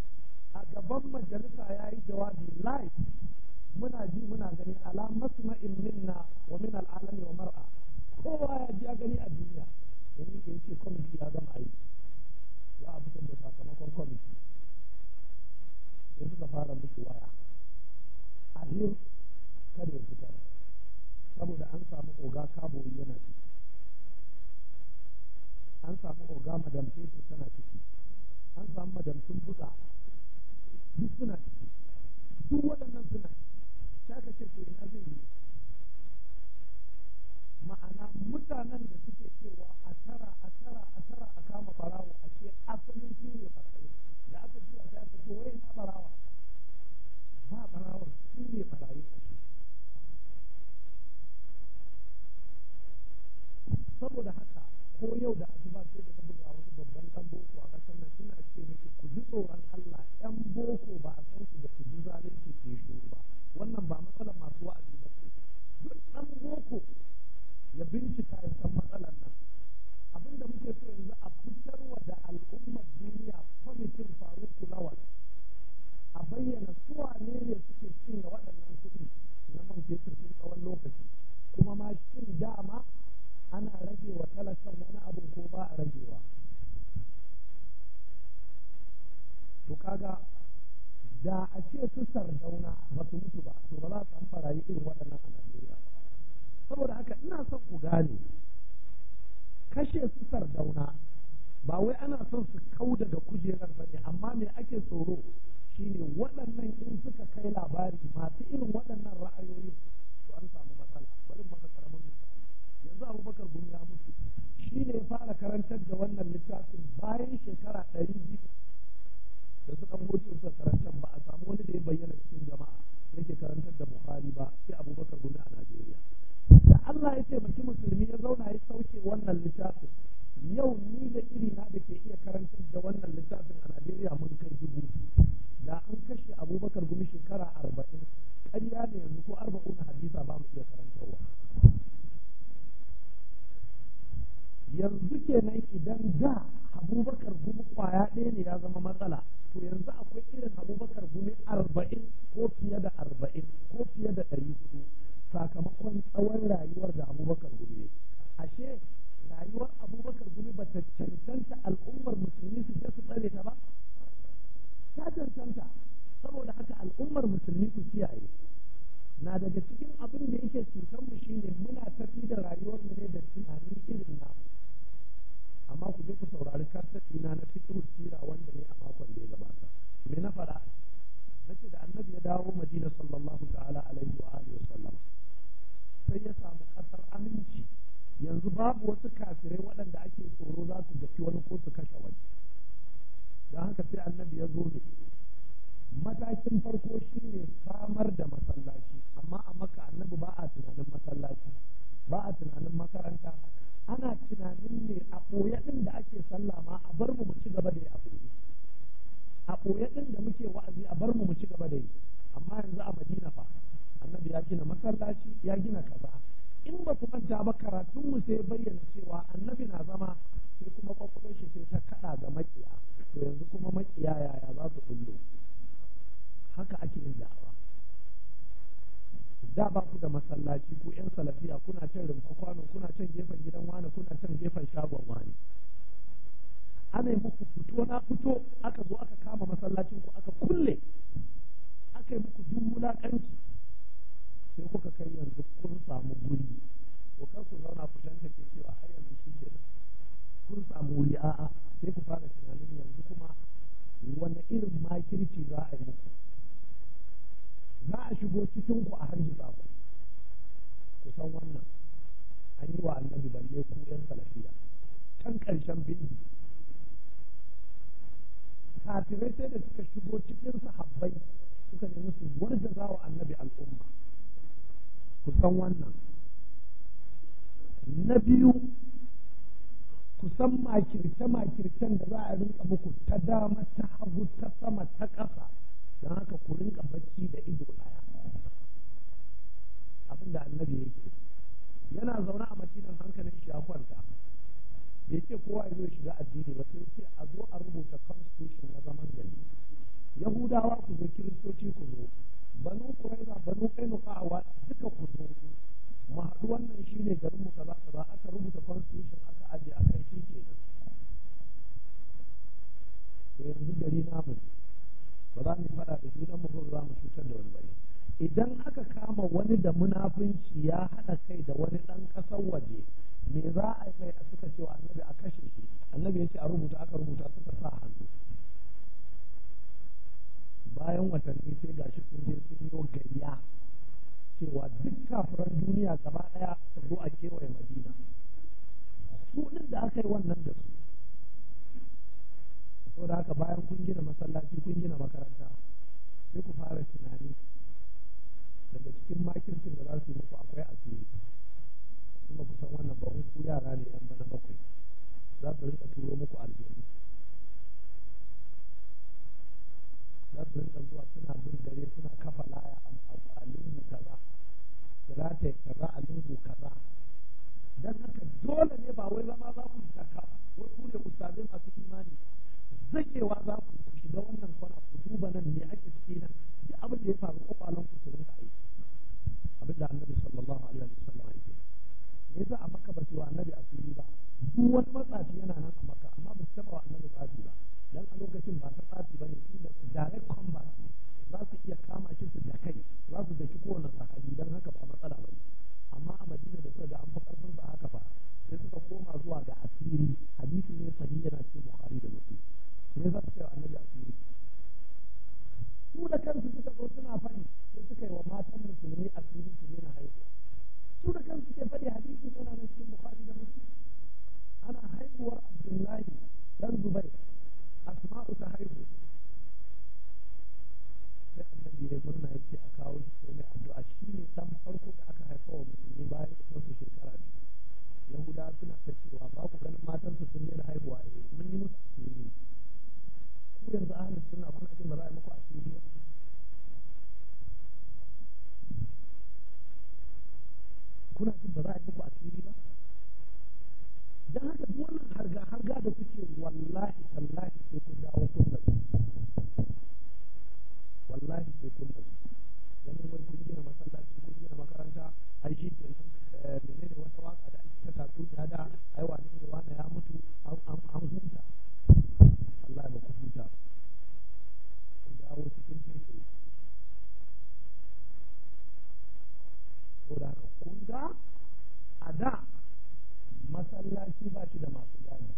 a gaban majalisa ya yi jawabi live muna ji muna gani ala masma'in minna wa min al'alami wa mar'a kowa ya ji ya gani a duniya ya miƙe ya ce kwamiti ya gama aiki za a fitar da sakamakon kwamiti sai suka fara musu waya a hiru adam sun buga duk suna ciki duk waɗannan suna ciki ta ce to ina zai yi ma'ana mutanen da a ce su sardauna ba su mutu ba to ba za su amfara yi irin waɗannan a Najeriya ba saboda haka ina son ku gane kashe su sardauna ba wai ana son su kau daga kujerar ba ne amma me ake tsoro shine waɗannan in suka kai labari masu irin waɗannan ra'ayoyi to an samu matsala bari maka karamin misali yanzu abubakar gumi ya mutu shine ya fara karantar da wannan littafin bayan shekara ɗari biyu da su dan hudu suka karantar ba a samu wani da ya bayyana cikin jama'a yake karantar da bukhari ba sai abubakar gumi a najeriya da allah ya taimaki musulmi ya zauna ya sauke wannan littafin yau ni hatta a da masallaci ba shi da masu gadi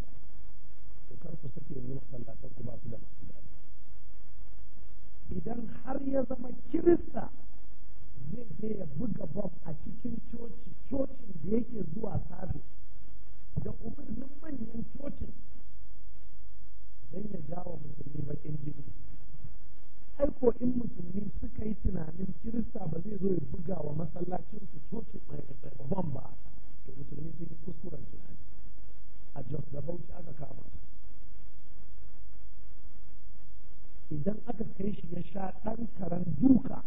to kar ku sake yanzu masallatan ku ba su da masu gadi idan har ya zama kirista zai je ya buga bom a cikin coci cocin da yake zuwa sabi da umarnin manyan cocin don ya jawo musulmi baƙin jini aiko in musulmi suka yi tunanin kirista ba zai zo ya buga wa masallacin su coci ban ba to musulmi sun yi kuskuren tunani a jos da bauchi aka kama idan aka kai shi ya sha ɗan karen duka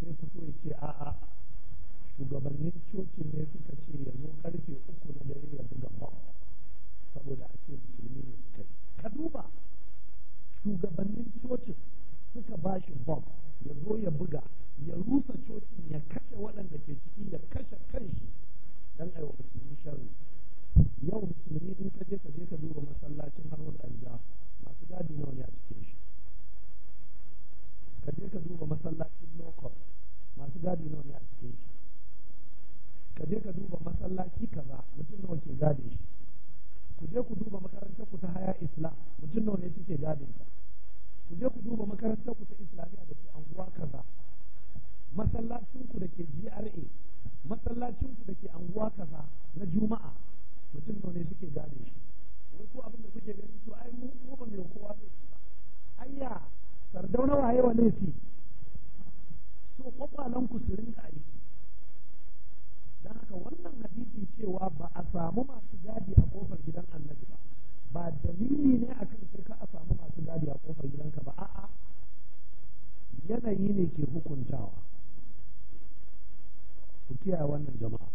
sai so ya ce a'a shugabannin coci ne suka ce ya zo karfe uku na dare ya buga bam saboda a ce musulmi ne suka ka duba shugabannin cocin suka ba shi bom ya zo ya buga ya rusa cocin ya kashe waɗanda ke ciki ya kashe kanshi don aiwa musulmi sharri yau musulmi in ka je ka je ka duba masallacin an anja masu gadi nawa ne a cikin shi ka je ka duba masallacin lokal masu gadi nawa ne a cikin shi ka je ka duba masallaci kaza mutum nawa ke gadin shi ku je ku duba makarantar ku ta haya islam mutum nawa ne suke gadin ta ku je ku duba makarantar ku ta islamiyya da ke anguwa kaza masallacin ku da ke GRA masallacin ku da ke anguwa kaza na juma'a mutum ne suke gane shi wai ko abin da kuke gani to ai mu mu ba mai kowa ne ba ayya Sardau sardauna waye wa laifi so kwakwalan ku su rinka aiki Dan haka wannan hadisin cewa ba a samu masu gadi a kofar gidan annabi ba ba dalili ne a kan sai ka a samu masu gadi a kofar gidanka ba a'a yanayi ne ke hukuntawa ku kiyaye wannan jama'a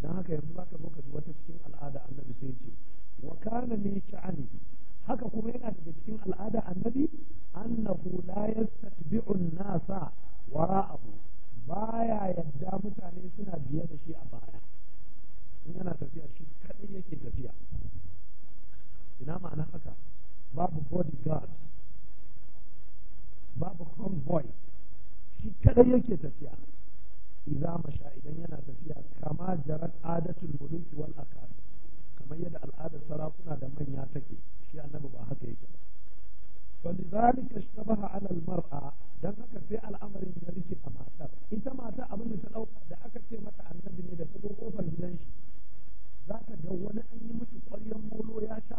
don haka yanzu za ka zo ka ji wata cikin al'ada annabi sai ce wa kana min sha'ani haka kuma yana daga cikin al'ada annabi annahu la yastatbi'u an-nasa wara'ahu baya yadda mutane suna biye da shi a baya in yana tafiya shi kadai yake tafiya ina ma'ana haka babu bodyguard babu convoy shi kadai yake tafiya idza masha idan yana tafiya kama jarat adatul muluki wal akari kamar yadda al'adar sarakuna da manya take shi annabi ba haka yake ba فلذلك a على mar'a dan haka sai al'amarin ya rike a matar ita mata abin da ta dauka da aka ce mata annabi ne da ta zo kofar gidan shi za ka ga wani an yi miki ƙwaryen molo ya sha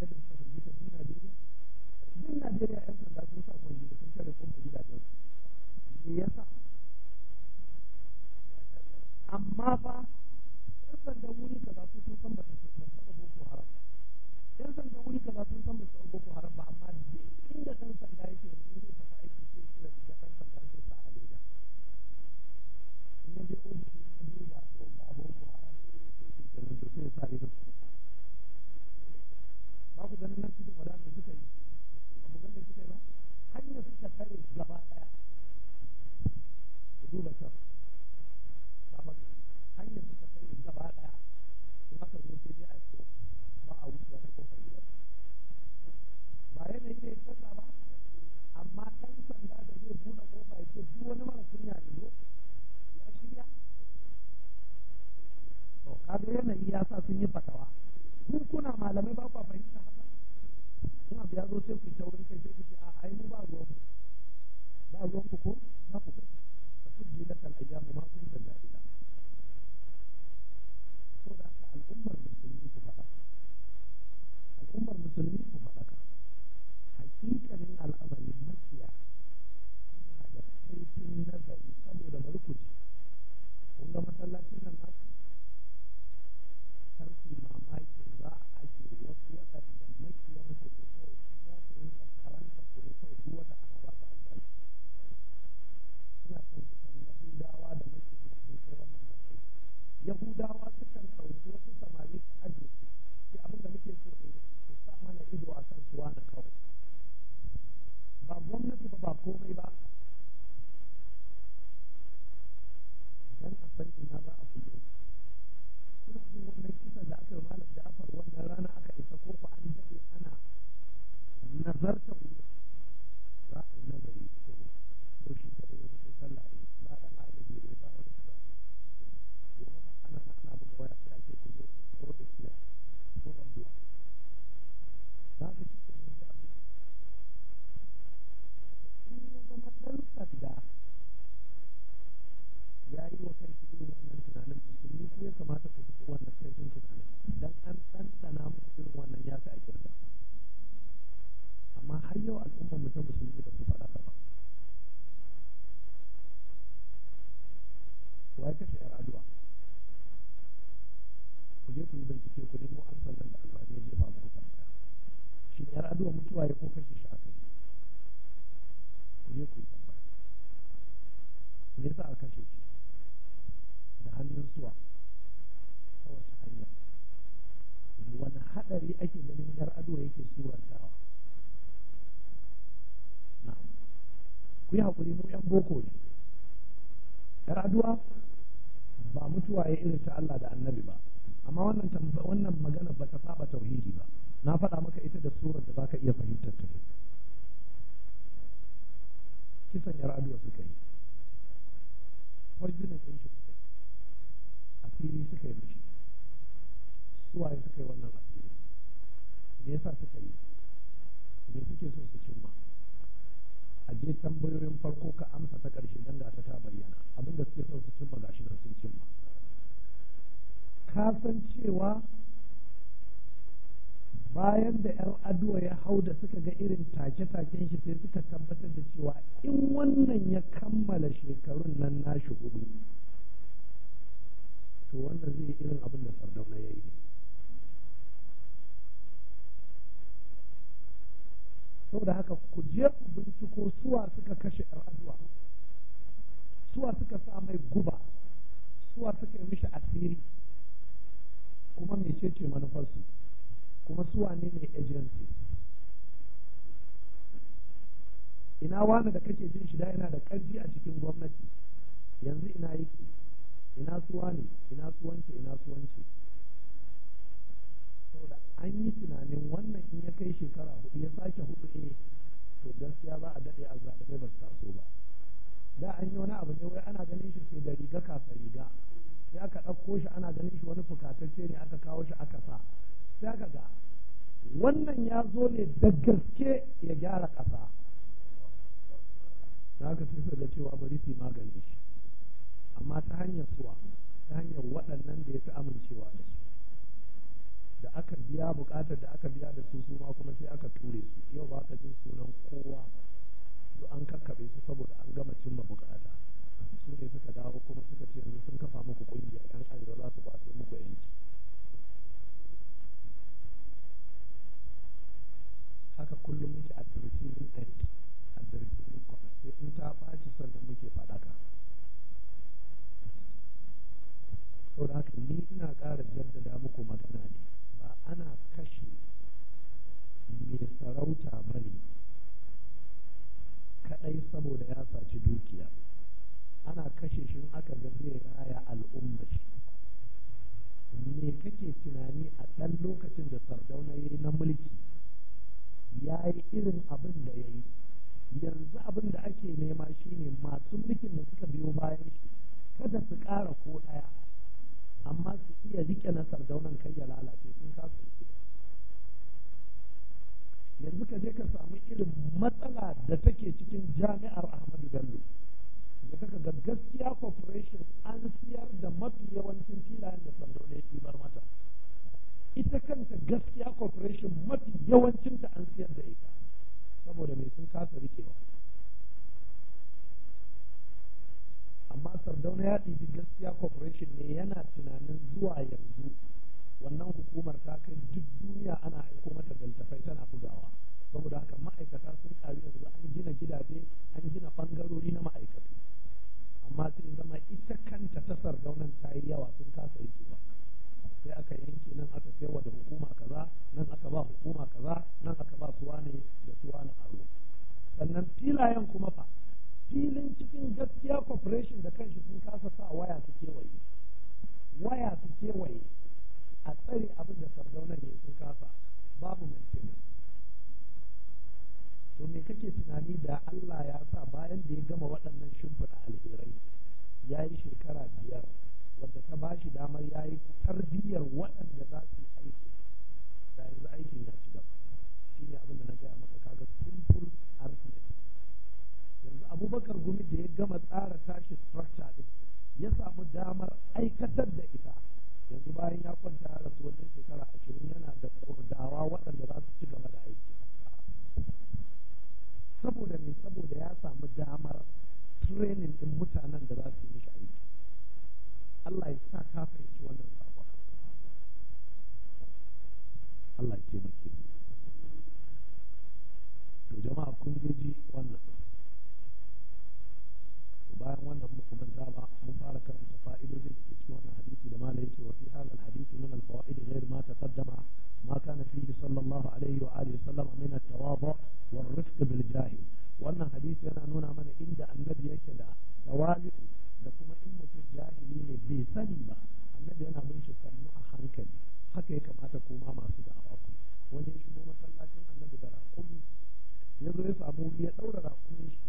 Najeriya duk Najeriya 'yan kashe shi da hannun suwa ta wata hanya wani haɗari ake ganin yar ado yake surantawa na ku yi haƙuri mu yan boko ne yar aduwa ba mutuwa ya irin ta Allah da annabi ba amma wannan wannan magana ba ta saba tauhidi ba na faɗa maka ita da surar da zaka iya fahimtar ta kisan yar aduwa suka yi poisoning din shi suka yi asiri suka yi mishi suwaye suka yi wannan asiri me yasa suka yi me suke so su cimma a je tambayoyin farko ka amsa ta ƙarshe don gasa ta bayyana abinda suke so su cimma ga shi sun cimma ka san cewa bayan da yan aduwa ya hau da suka ga irin take-taken shi sai suka tabbatar da cewa in wannan ya kammala shekarun nan nashi hudu to wannan zai irin abin da fardauna ya yi saboda haka ku je ku binciko suwa suka kashe yan aduwa suwa suka sa mai guba suwa suka yi mishi asiri kuma mecece manufarsu kuma su wane ne agency ina wani da kake jin shi da yana da ƙarfi a cikin gwamnati yanzu ina yake ina su wane ina su wance ina su wance saboda an yi tunanin wannan in ya kai shekara hudu ya sake hudu ne eh, to gaskiya ba a daɗe a zalimai ba su taso ba da an yi wani abu ne wai ana ganin shi sai da riga kafa riga sai aka ɗauko shi ana ganin shi wani fukatacce ne aka kawo shi aka sa sai ga wannan ya zo ne da gaske ya gyara ƙasa da haka sai da cewa bari su magani shi amma ta hanyar suwa ta hanyar waɗannan da ya fi amincewa da su da aka biya buƙatar da aka biya da su su ma kuma sai aka ture su yau ba ka jin sunan kowa su an kakkaɓe su saboda an gama cimma buƙata su ne suka dawo kuma suka ce yanzu sun kafa muku ƙungiyar 'yan arewa za su kwato muku yanci haka kullum muke a darajin ɗari a darajin kwana sai in ta ɓaci sannan muke faɗaka da haka ni ina ƙara jaddada muku magana ne ba ana kashe mai sarauta ba ne kaɗai saboda ya saci dukiya ana kashe shi aka ga zai raya al'umma shi me kake tunani a ɗan lokacin da sardauna ya yi na mulki ya yi irin abin da ya yi yanzu abin da ake nema shine masu mulkin da suka biyo bayan shi kada su ƙara ko ɗaya amma su iya rike na sardaunan kai ya lalace sun kasu yanzu ka je ka samu irin matsala da take cikin jami'ar ahmadu bello da kaka ga gaskiya corporation an siyar da mafi yawancin filayen da sardauna ya bar mata ita kanta gaskiya corporation mafi yawancinta an siyar da ita saboda mai sun kasa rikewa amma sardauna ya ɗibi gaskiya corporation ne yana tunanin zuwa yanzu wannan hukumar ta kai duk duniya ana aiko mata daltafai tana bugawa saboda haka ma'aikata sun ƙaru yanzu an gina gidaje an gina ɓangarori na ma'aikatu amma sai zama ita kanta ta sardaunan ta yi yawa sun kasa rikewa sai aka yanke nan aka sayarwa da hukuma kaza nan aka ba hukuma kaza nan aka ba suwa ne da suwa na aro sannan filayen kuma fa filin cikin gaskiya corporation da kanshi sun kasa sa waya su kewaye waya su kewaye a tsare abin da sardaunan ne sun kasa babu maintenance to me kake tunani da Allah ya sa bayan da ya gama waɗannan shimfiɗa alherai ya yi shekara biyar Wanda ta ba shi damar ya yi tarbiyyar waɗanda za su aiki da yanzu aikin ya ci gaba shi ne abin da na gaya maka kaga simple arithmetic yanzu abubakar gumi da ya gama tsara tashi structure din ya samu damar aikatar da ita yanzu bayan ya kwanta ya rasu wajen shekara ashirin yana da kurdawa waɗanda za su ci gaba da aiki saboda me saboda ya samu damar training ɗin mutanen da za su yi Allah ya sa ka fahimci wannan sabuwa Allah ya taimake mu to jama'a kun ji wannan bayan wannan muku ba mun fara karanta fa'idojin da ke cikin wannan hadisi da malai yake wa fi hadha al min al ghayr ma taqaddama ma kana fihi sallallahu wa alihi sallam min at-tawadhu rifq bil jahil wannan hadisi yana nuna mana inda annabi yake da tawali'u jahili ne bai sani ba annabi yana bin shi sannu a hankali haka ya kamata kuma masu da'awa ku wani ya shigo masallacin annabi da raƙumi ya zo ya samu ya ɗaura raƙumin shi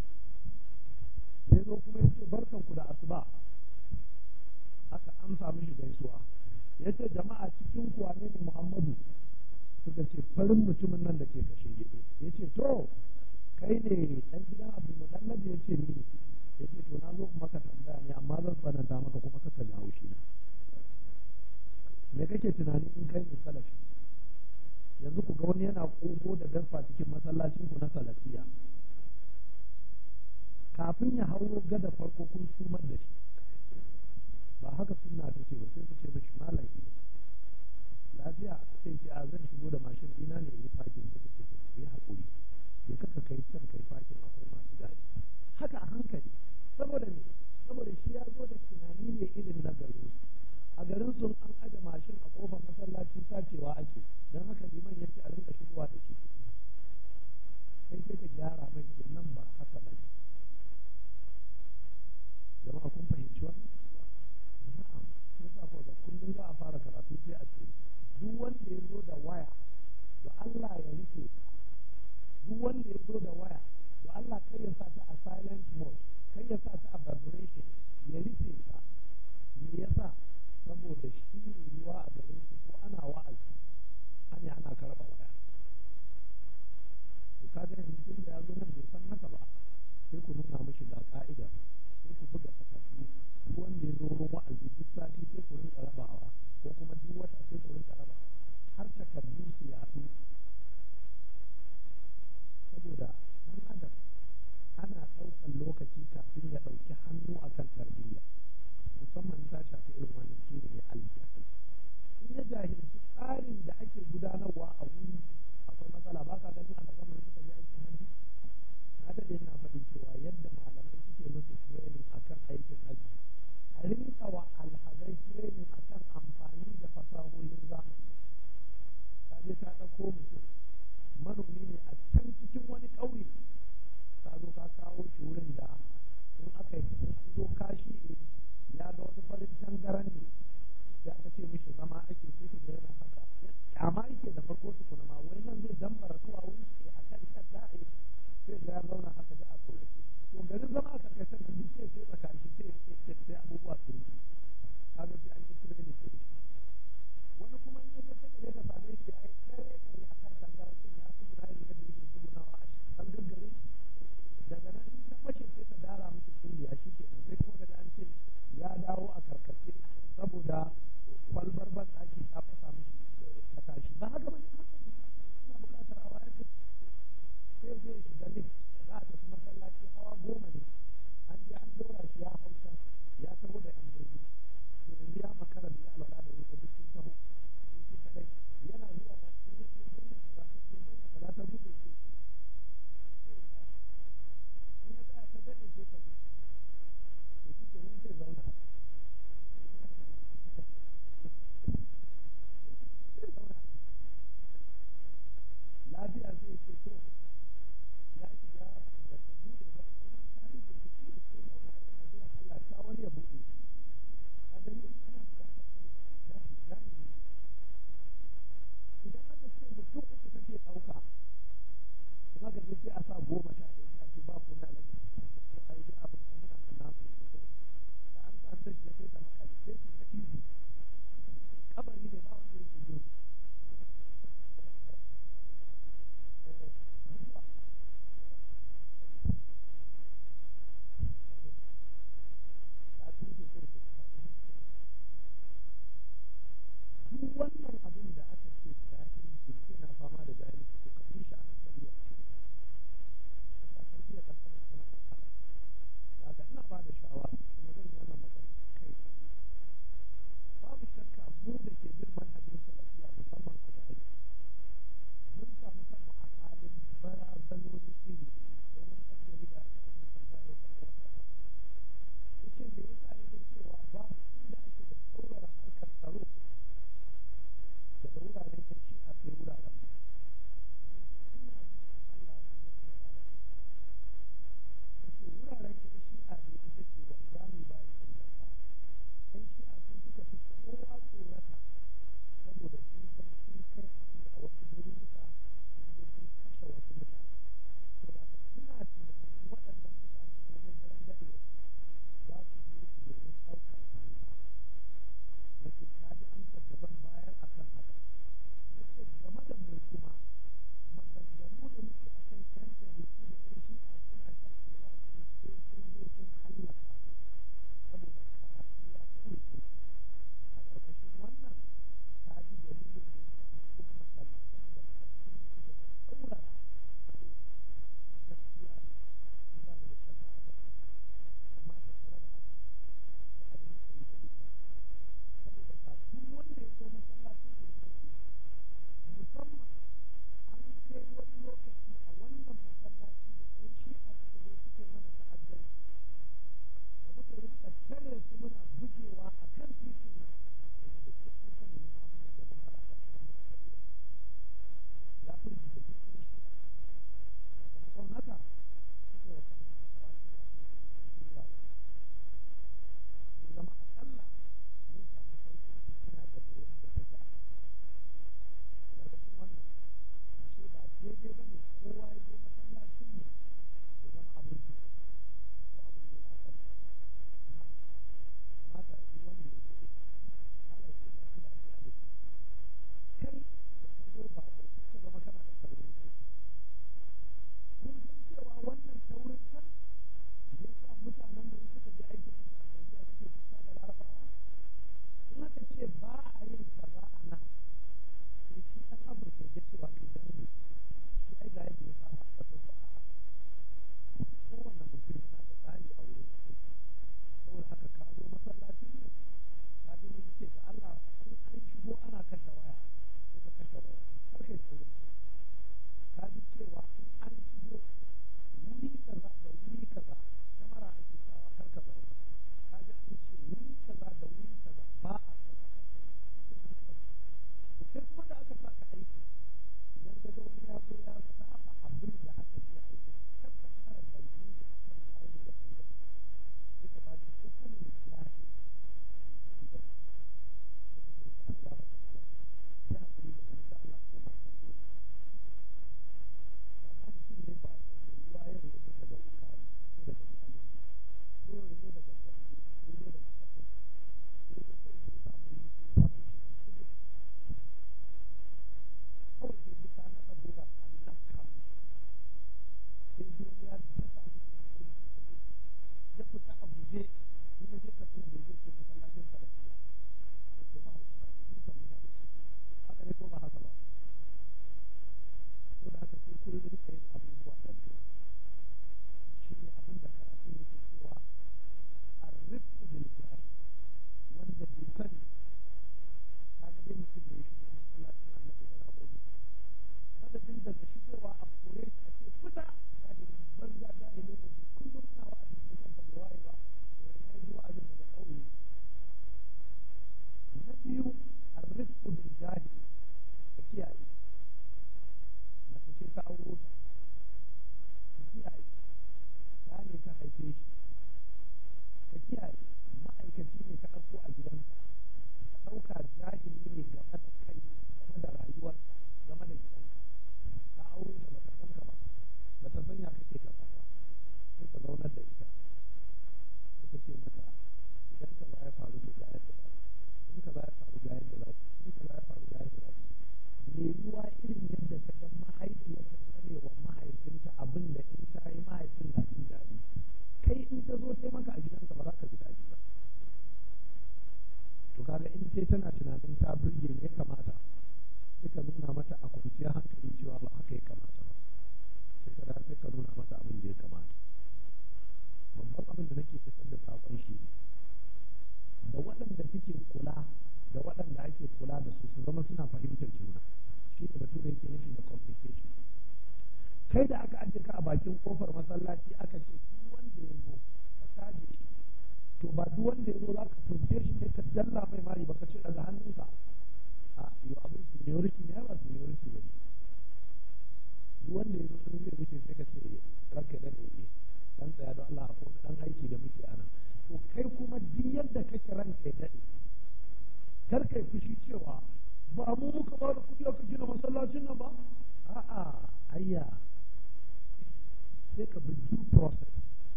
ya zo kuma ya ce barkan ku da asuba haka an samu shi gaisuwa ya ce jama'a cikin ku wane ne muhammadu suka ce farin mutumin nan da ke kashe ya ce to kai ne ɗan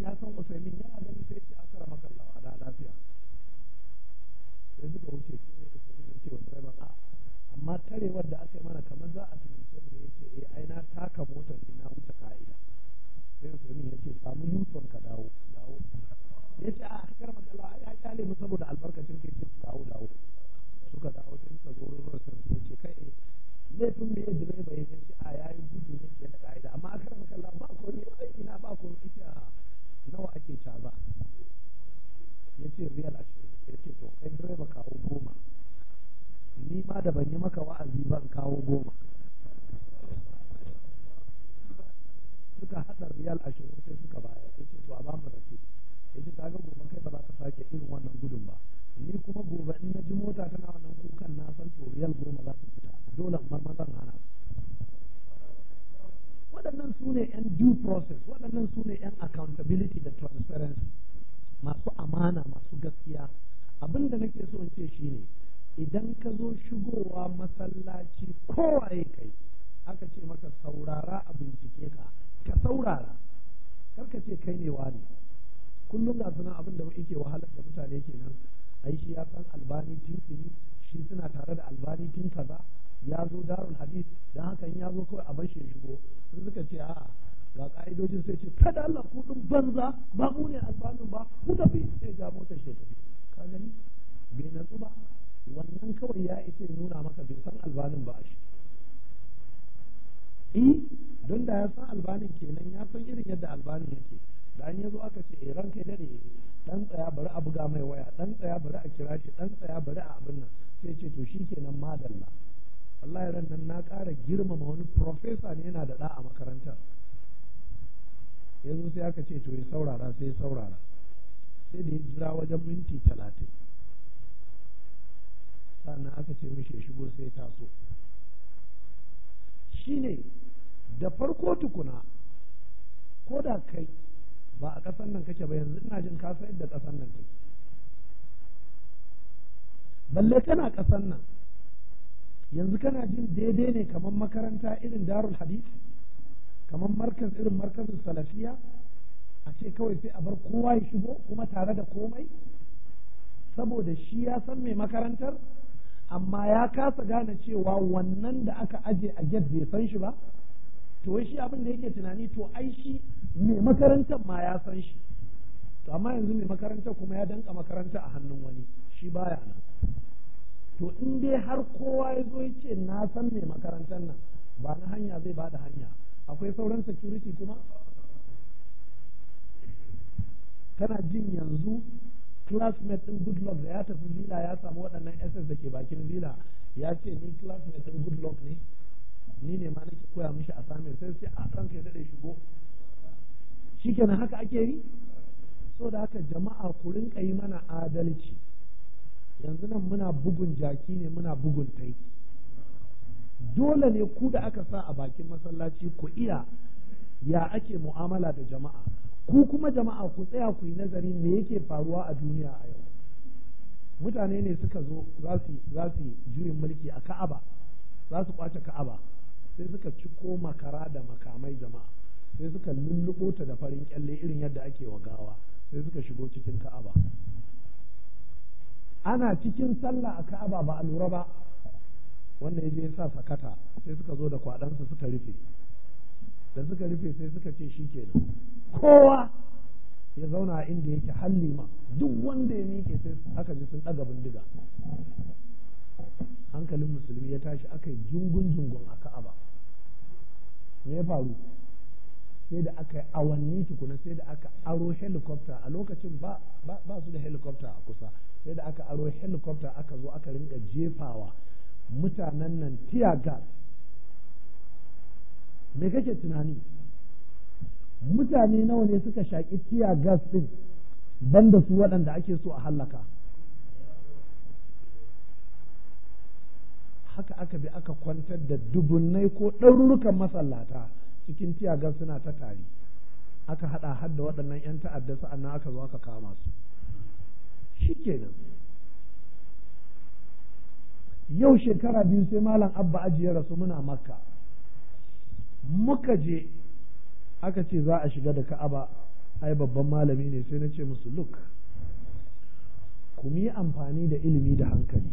ya son idan ka zo shigowa masallaci kowaye kai aka ce maka saurara a bincike ka ka saurara karka ce kai ne wani kullum ga suna abin da ike wahalar da mutane kenan ai shi ya san albani tun shi suna tare da albani tun kaza ya zo darul hadis dan haka ya zo kawai a bar shigo sun suka ce a'a ga ka'idojin sai ce kada Allah ku din banza ba mu ne albanin ba ku tafi sai ga motar shi ka gani bai natsu ba wannan kawai ya isa nuna maka bai san albanin ba shi eh don da ya san albanin kenan ya san irin yadda albanin yake da an yazo aka ce eh, ran kai dare dan tsaya bari a buga mai waya dan tsaya bari a kira shi dan tsaya bari a abin nan sai ce to shikenan madalla wallahi ran nan na ƙara girmama wani profesa ne yana da da a makarantar yanzu sai aka ce to ya saurara sai ya saurara sai da ya jira wajen minti talatin sannan aka ce mishi ya shigo sai ya taso ne da farko tukuna ko da kai ba a ƙasar nan kake ba yanzu ina jin ka san yadda ƙasar nan kai. balle kana ƙasar nan yanzu kana jin daidai ne kamar makaranta irin darul hadith kamar markaz irin markazin salafiya a ce kawai sai a bar kowa ya shigo kuma tare da komai saboda shi ya san mai makarantar amma ya kasa gane cewa wannan da aka aje a get bai san shi ba to shi abin da yake tunani to ai shi mai makarantar ma ya san shi to amma yanzu mai makarantar kuma ya danka makaranta a hannun wani shi baya nan to in dai har kowa ya zo ya ce na san mai makarantar nan ba na hanya zai ba da hanya akwai sauran security kuma kana jin yanzu classmate din goodluck da ya tafi villa ya samu waɗannan ss da ke bakin villa ya ce ni classmate din goodluck ne ni ne ma nake koya mishi a samun sai sai a san ka daɗe shigo shikenan haka ake yi so da haka jama'a ku rinka yi mana adalci yanzu nan muna bugun jaki ne muna bugun taiki dole ne ku da aka sa a bakin masallaci ku iya ya ake mu'amala da jama'a ku kuma jama'a ku tsaya ku yi nazari me yake faruwa a duniya a yau mutane ne suka zo za su za su juyin mulki a Ka'aba za su kwace Ka'aba sai suka ci ko makara da makamai jama'a sai suka lullubo ta da farin kyalle irin yadda ake wa gawa sai suka shigo cikin Ka'aba ana cikin sallah a Ka'aba ba a lura ba wanda ya je sa sakata sai suka zo da kwadansa suka rufe da suka rufe sai suka ce shi kenan kowa ya zauna a inda yake halli duk wanda ya miƙe sai aka ji sun ɗaga bindiga hankalin musulmi ya tashi aka yi jungun jungun a ka'aba me ya faru sai da aka yi awanni tukuna sai da aka aro helicopter a lokacin ba su da helicopter a kusa sai da aka aro helicopter aka zo aka rinka jefawa mutanen nan tia gas me kake tunani mutane nawa ne suka shaƙi tiya gas ɗin banda su waɗanda ake so a hallaka haka aka bi aka kwantar da dubunnai ko ɗarurukan masallata cikin tiya gas suna ta tari aka haɗa hadda waɗannan 'yan ta'adda sa'annan aka zo aka kama su shi shikenan yau shekara biyu sai malam abba ajiye rasu muna makka muka je aka ce za a shiga da ka'aba ai babban malami ne sai na ce musu look ku yi amfani da ilimi da hankali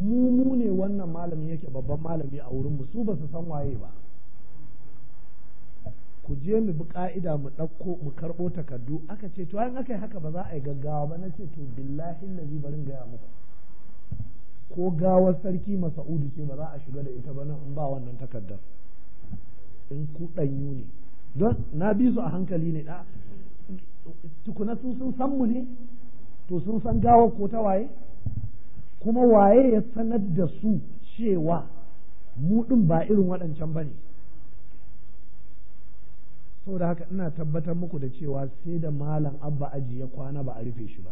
mu mu ne wannan malami yake babban malami a wurin mu su ba su san waye ba ku je mu bi ka'ida mu ɗauko mu karɓo takardu aka ce to an aka yi haka ba za a yi gaggawa ba na ce to billahi lazi barin gaya muku ko gawar sarki masa'udu ce ba za a shiga da ita ba nan in ba wannan takardar in ku ɗanyu ne don na bi su a hankali ne da tukuna sun sun san mu ne to sun san gawar ko ta waye kuma waye ya sanar da su cewa mu ɗin ba irin waɗancan ba ne saboda haka ina tabbatar muku da cewa sai da malam abba aji ya kwana ba a rufe shi ba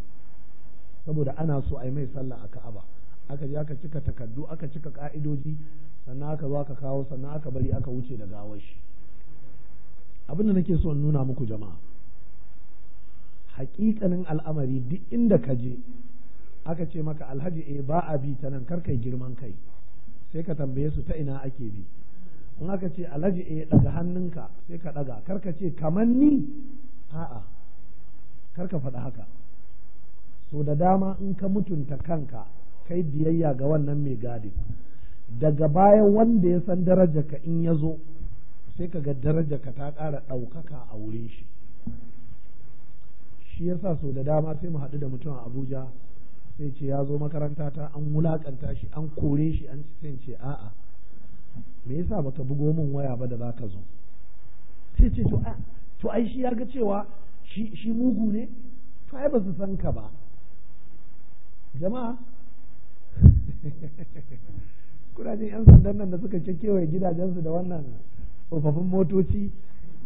saboda ana so a yi mai sallah a ka'aba aka je aka cika takardu aka cika ka'idoji sannan aka zo aka kawo sannan aka bari aka wuce da gawar shi abin da nake so in nuna muku jama'a hakikanin al'amari duk inda ka je aka ce maka alhaji eh ba a bi ta nan karkai girman kai sai ka tambaye su ta ina ake bi in aka ce alhaji eh daga hannunka sai ka daga karka ce kamar ni a'a karka faɗa haka so da dama in ka mutunta kanka kai biyayya ga wannan mai gadin daga bayan wanda ya san darajarka in ya zo sai ka ga darajarka ta ƙara ɗaukaka a wurin shi shi ya sa so da dama sai mu haɗu da mutum a abuja sai ce ya zo makaranta ta an wulaƙanta shi an kore shi an sai ce a'a me yasa baka bugo min waya ba da za ka zo sai ce to ai shi ya ga cewa shi shi mugu ne to ai ba su san ka ba jama'a kudajen yan sandan nan da suka ce kewaye gidajensu da wannan tsofaffin motoci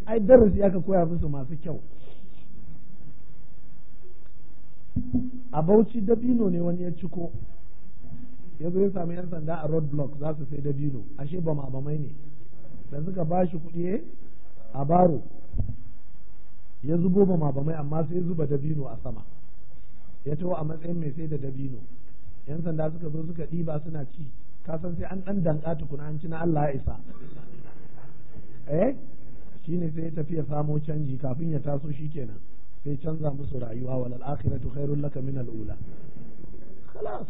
ai darasi aka koya musu masu kyau a bauchi dabino ne wani ya ciko ya zo ya sami yan sanda a road block za su sai dabino ashe ba mabamai ne da suka ba shi kuɗi eh, a baro ya zubo ba mabamai amma sai zuba dabino a sama ya taho a matsayin mai sai da dabino yan sanda suka zo suka ɗiba suna ci ka san sai an dan danka tukuna an ci na Allah ya isa eh ne sai ya tafi ya samo canji kafin ya taso shi kenan sai canza musu rayuwa wal akhiratu khairul laka min al ula khalas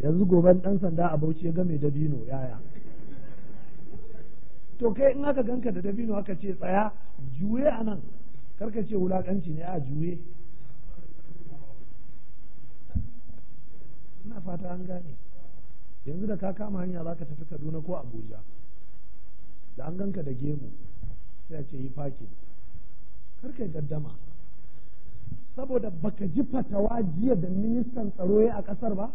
yanzu goben dan sanda a Bauchi ya ga mai dabino yaya to kai in aka ganka da dabino aka ce tsaya juye anan karka ce wulakanci ne a juye ina fata an gane yanzu da ka kama hanya za ka tafi kaduna ko abuja da an ganka da gemu sai a ce yi fakin karka gaddama saboda baka ji fatawa jiya da ministan tsaro ya a kasar ba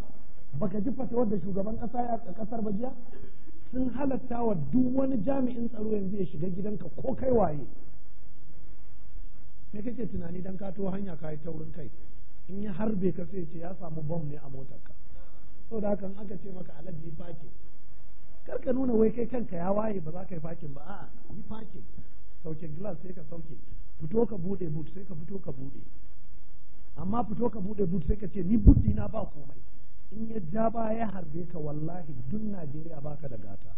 baka ji fatawar da shugaban kasa ya a kasar ba jiya sun halatta wa duk wani jami'in tsaro yanzu ya shiga gidanka ko kai waye me kake tunani dan ka hanya ka yi taurin kai in ya harbe ka sai ce ya samu bom ne a motarka saboda haka aka ce maka alaji yi fakin kar ka nuna wai kai kanka ya waye ba za ka yi fakin ba a'a yi fakin sauke glass sai ka sauke fito ka bude boot sai ka fito ka bude amma fito ka bude boot sai ka ce ni boot dina ba komai in ya ja ba ya harbe ka wallahi duk Najeriya baka da gata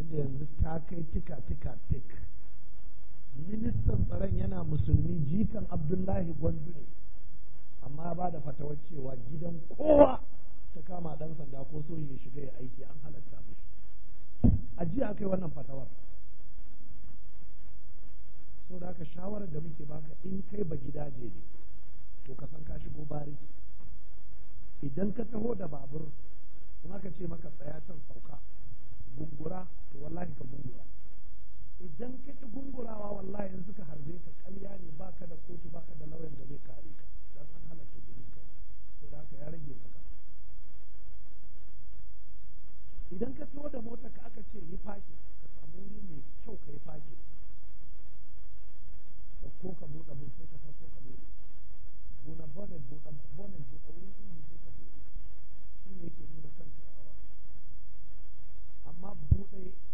inda yanzu ta kai tika tika tik ministan tsaron yana musulmi jikan Abdullahi Gwandu ne amma ba da fatawar cewa gidan kowa ta kama ɗan sanda ko so ya shiga ya aiki an halatta mu a jiya aka wannan fatawar so da shawarar da muke baka in kai ba gidaje ne to ka san ka shigo bari idan ka taho da babur in aka ce maka tsaya can sauka gungura to wallahi ka gungura idan ka gungurawa wallahi yanzu ka harbe ka kalya ne baka da kotu baka da lauyan da zai kare ka saboda haka ya rage maka idan ka taho da mota ka aka ce yi fashe ka samu wuri mai kyau ka yi fashe ka ko ka buɗe mun sai ka san ko ka buɗe buna bonnet buɗe bonnet buɗe wurin inji sai ka buɗe shi ne yake nuna kan turawa amma buɗe